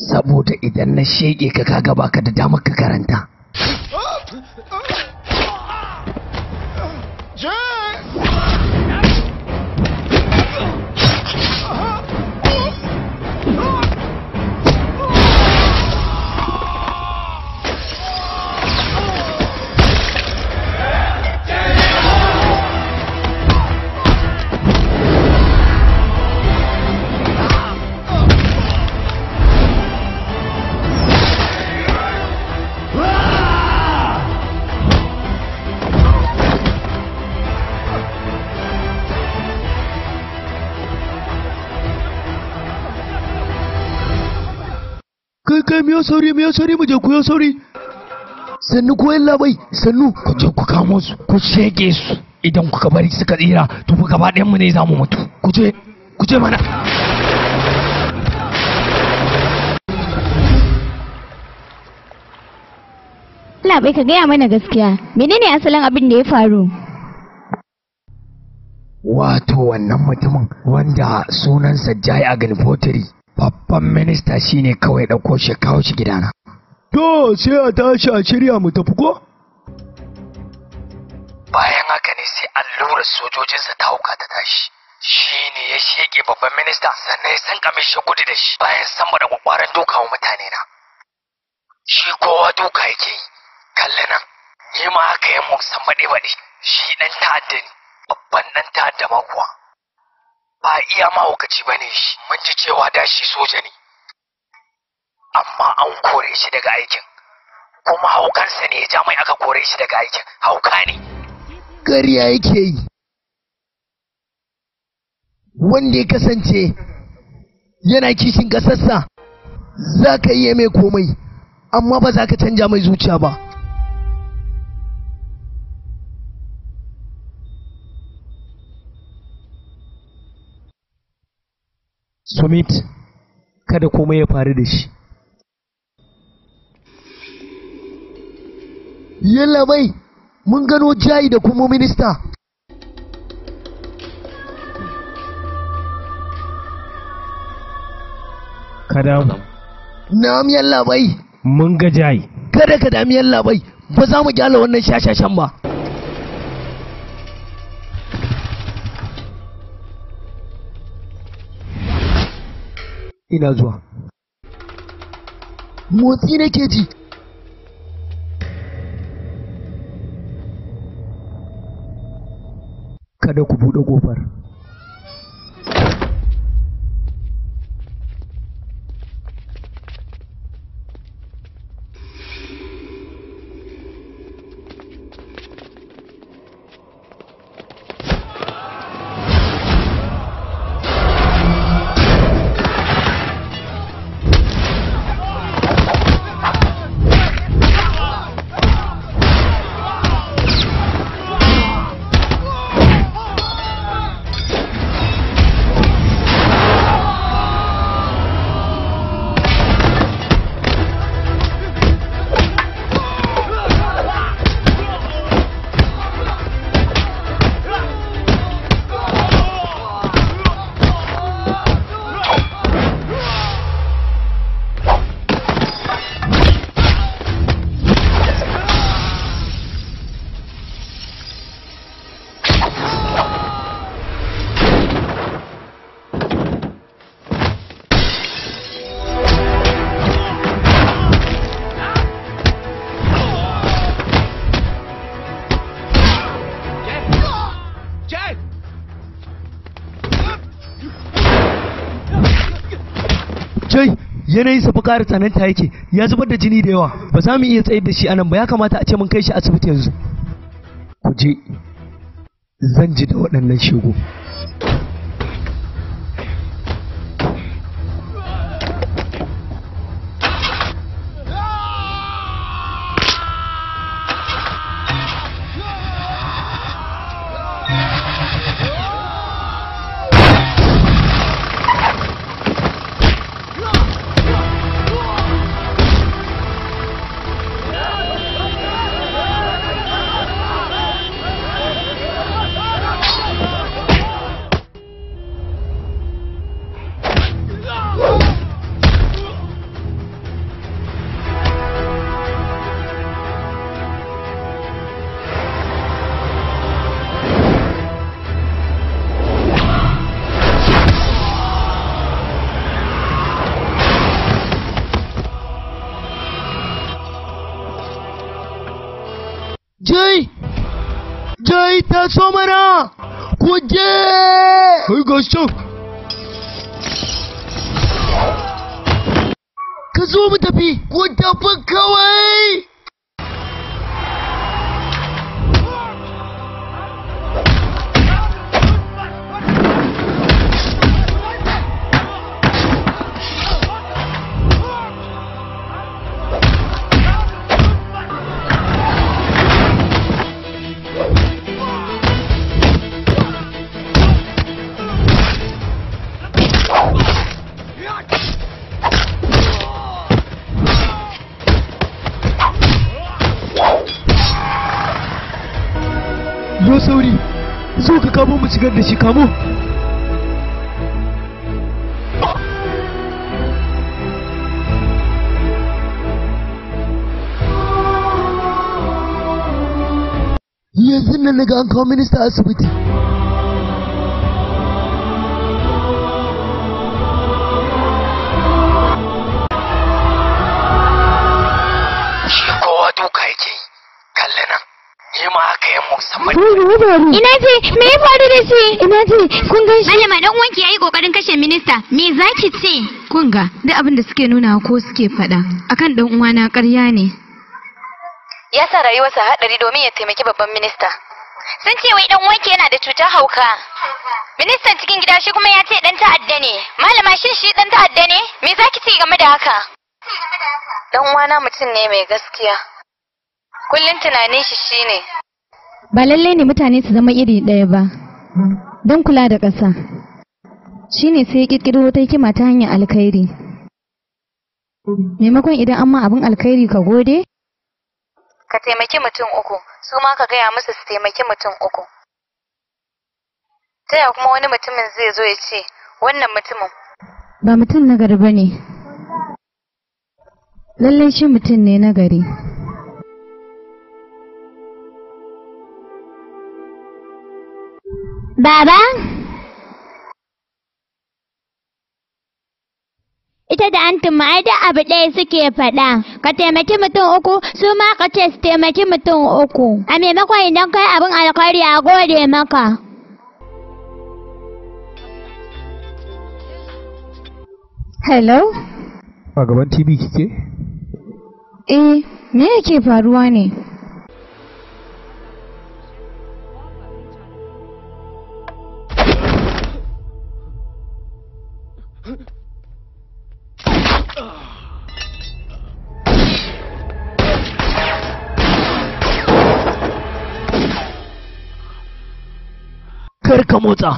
saboda idan na shege ka kaga baka da damar ka karanta kai kai miyo sauri miyo sauri mu je ku yo sauri sannu ko yalla bai sannu ku je ku kamo su ku shege su idan kuka bari suka tsira to ku gaba ɗayan mu ne za mu mutu ku je ku je mana Allah bai ka gaya mana gaskiya menene asalin abin da ya faru wato wannan mutumin wanda sunansa jai agan pottery babban minista shine kawai ɗauko shi kawo shi gidana to sai a tashi a shirya mu tafi ko bayan haka ne sai allurar sojojinsa ta hauka ta tashi shi ne ya shege babban minista sannan ya san kamar shi gudu da shi bayan sama da kwakwaran duka wa mutane na shi kowa duka yake yi kalli nan ni ma haka ya mu san baɗe baɗe shi ɗan ta'adda ne babban ɗan ta'adda ma kuwa ba iya mahaukaci ba ne shi mun ji cewa da soja ne amma an kore shi daga aikin kuma haukansa ne ya mai aka kore shi daga aikin hauka ne ƙarya yake yi wanda ya kasance yana kishin ƙasarsa za ka iya mai komai amma ba za ka canja mai zuciya ba sumit kada komai ya faru da shi yalla bai mun gano jayi da kuma minista kada na'am yalla bai mun ga jayi kada ka dami yalla bai ba za mu gyala wannan shashashan ba ina zuwa motsi nake ji kada ku buɗe ƙofar yanayin sa fakar tsananta yake ya zubar da jini da yawa ba za mu iya tsayar da shi anan ba ya kamata a ce mun kai shi asibiti yanzu ku je zan ji da waɗannan shegu kardeşi Kamu. Yes, in the gang communist as ya faru ina ce me ya faru da shi ina ce kun gan shi malama dan wanki yayi kokarin kashe minista me zaki ce kun ga duk abin da suke nuna ko suke faɗa akan dan uwana ƙarya ne ya sa rayuwarsa haɗari domin ya taimaki babban minista sun ce wai dan wanke yana da cutar hauka ministan cikin gida shi kuma ya ce dan ta'adda ne malama shin shi dan ta'adda ne me zaki ce game da haka dan uwana mutum ne mai gaskiya kullum tunanin shi shine ba lallai ne mutane su zama iri ɗaya ba don kula da ƙasa Shi ne sai ƙirƙiro ta hikima ta hanyar alkhairi maimakon idan an ma abin alkhairi ka gode ka taimaki mutum uku su ma ka gaya musu su taimaki mutum uku ta kuma wani mutumin zai zo ya ce wannan mutumin ba mutum nagari ba ne lallai shi mutum ne nagari Baba? Ita da antin ma ai abu ɗaya suke faɗa. Ka taimaki mutum uku, su ma ka ce su taimaki mutum uku. A maimakon idan kai abin alkhairi a gode maka. Hello? A gaban TV kike? Eh, me yake faruwa ne? कर कमोचा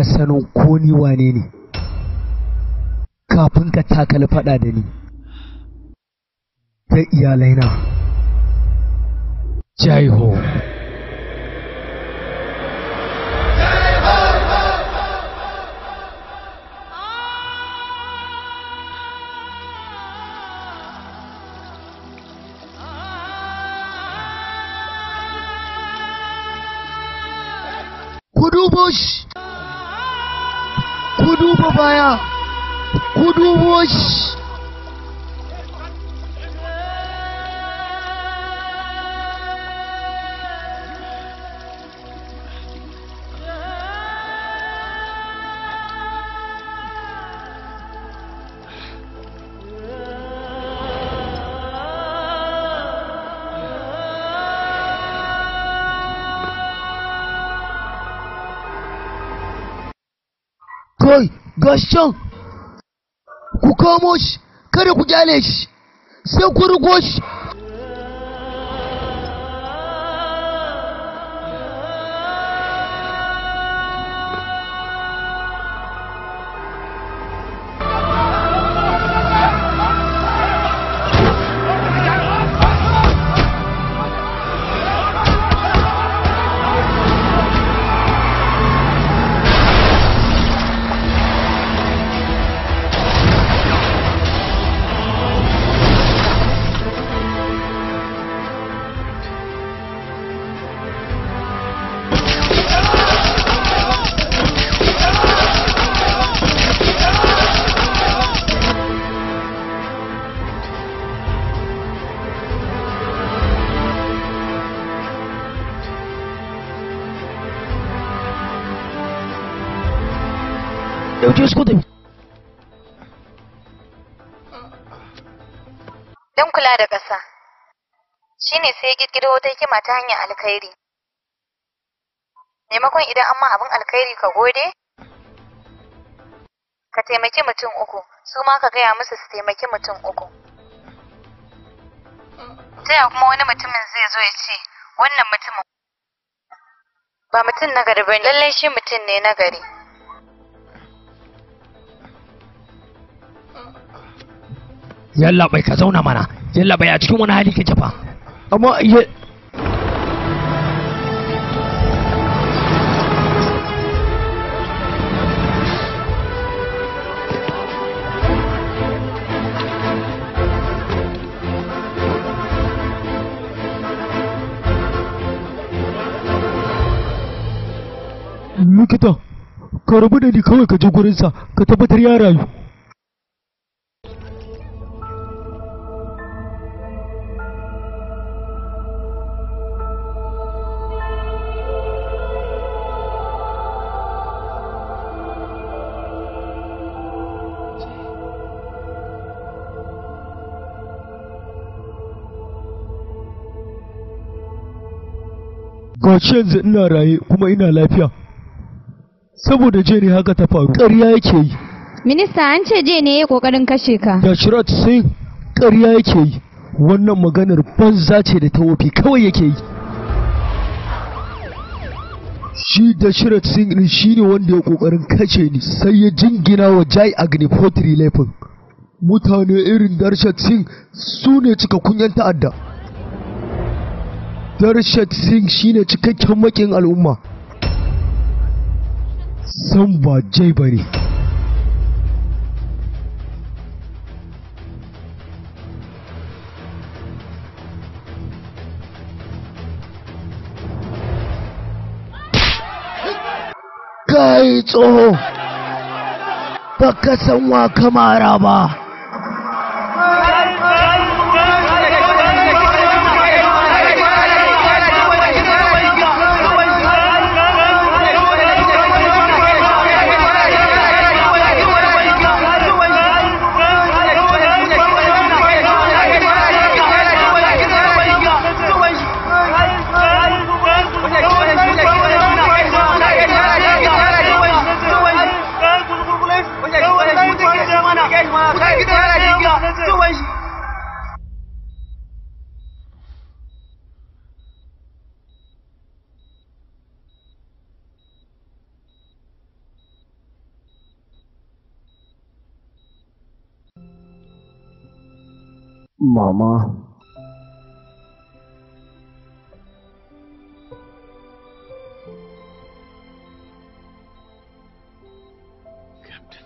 fara sanin ko ni wane ne kafin ka takali faɗa da ni da iyalaina ho 靠，搞笑！como os kada ku gyale shi sai ku rugo shi ɗauke shi ko tafi don kula da ƙasa shine sai ƙirƙiro wata hikima ta hanyar alkhairi maimakon idan an ma abin alkhairi ka gode ka taimaki mutum uku su ma ka gaya musu su taimaki mutum uku taya kuma wani mutumin zai zo ya ce wannan mutumin ba mutum na gari ba lallai shi mutum ne na gari yalla bai ka zauna mana yalla bai a cikin wani hali kake ba amma ya Likita, ka rabu da ni kawai ka kata gurinsa, ka gashi yanzu ina raye kuma ina lafiya saboda je ne haka ta faru ƙarya yake yi minista an ce je ne ya ƙoƙarin kashe ka dashirat sai ƙarya yake yi wannan maganar banza ce da ta wofi kawai yake yi shi da shirat singh shi ne wanda ya ƙoƙarin kashe ni sai ya jingina wa jai agnipotri laifin mutane irin darshat singh su ne cika kunyan ta'adda Darshat Singh shine cikakken makin al'umma. San ba jai ba ne. Kai tsoho, ba ka san wa kamara ba. ماما كابتن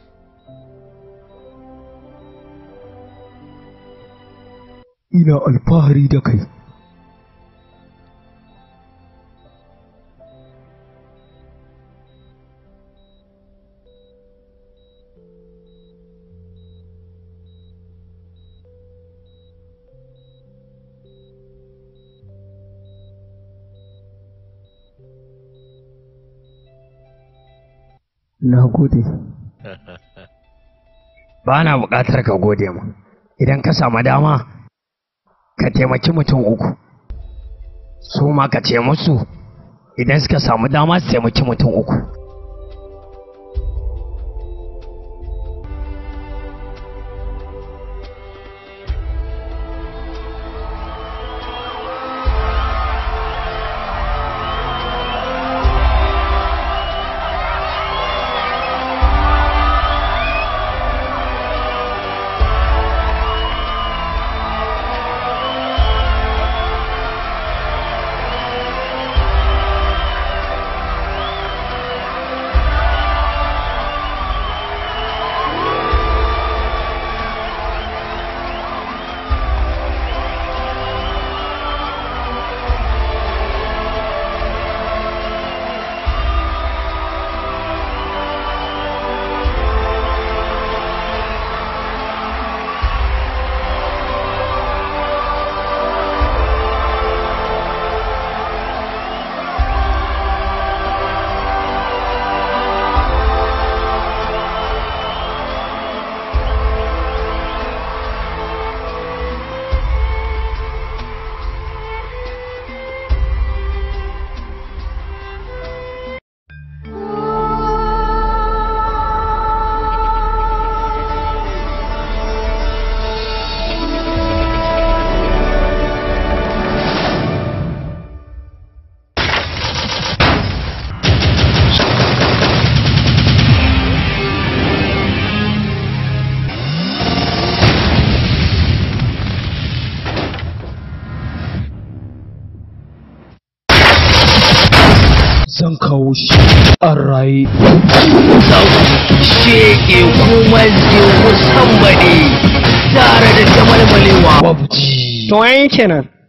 ina alfahari da kai ka gode ba na buƙatar ka gode mu idan ka samu dama ka taimaki mutum uku su ma ka ce musu idan suka samu dama su taimaki mutum uku I sheke kuma ku sambade tare da tamalmalewa. To kenan.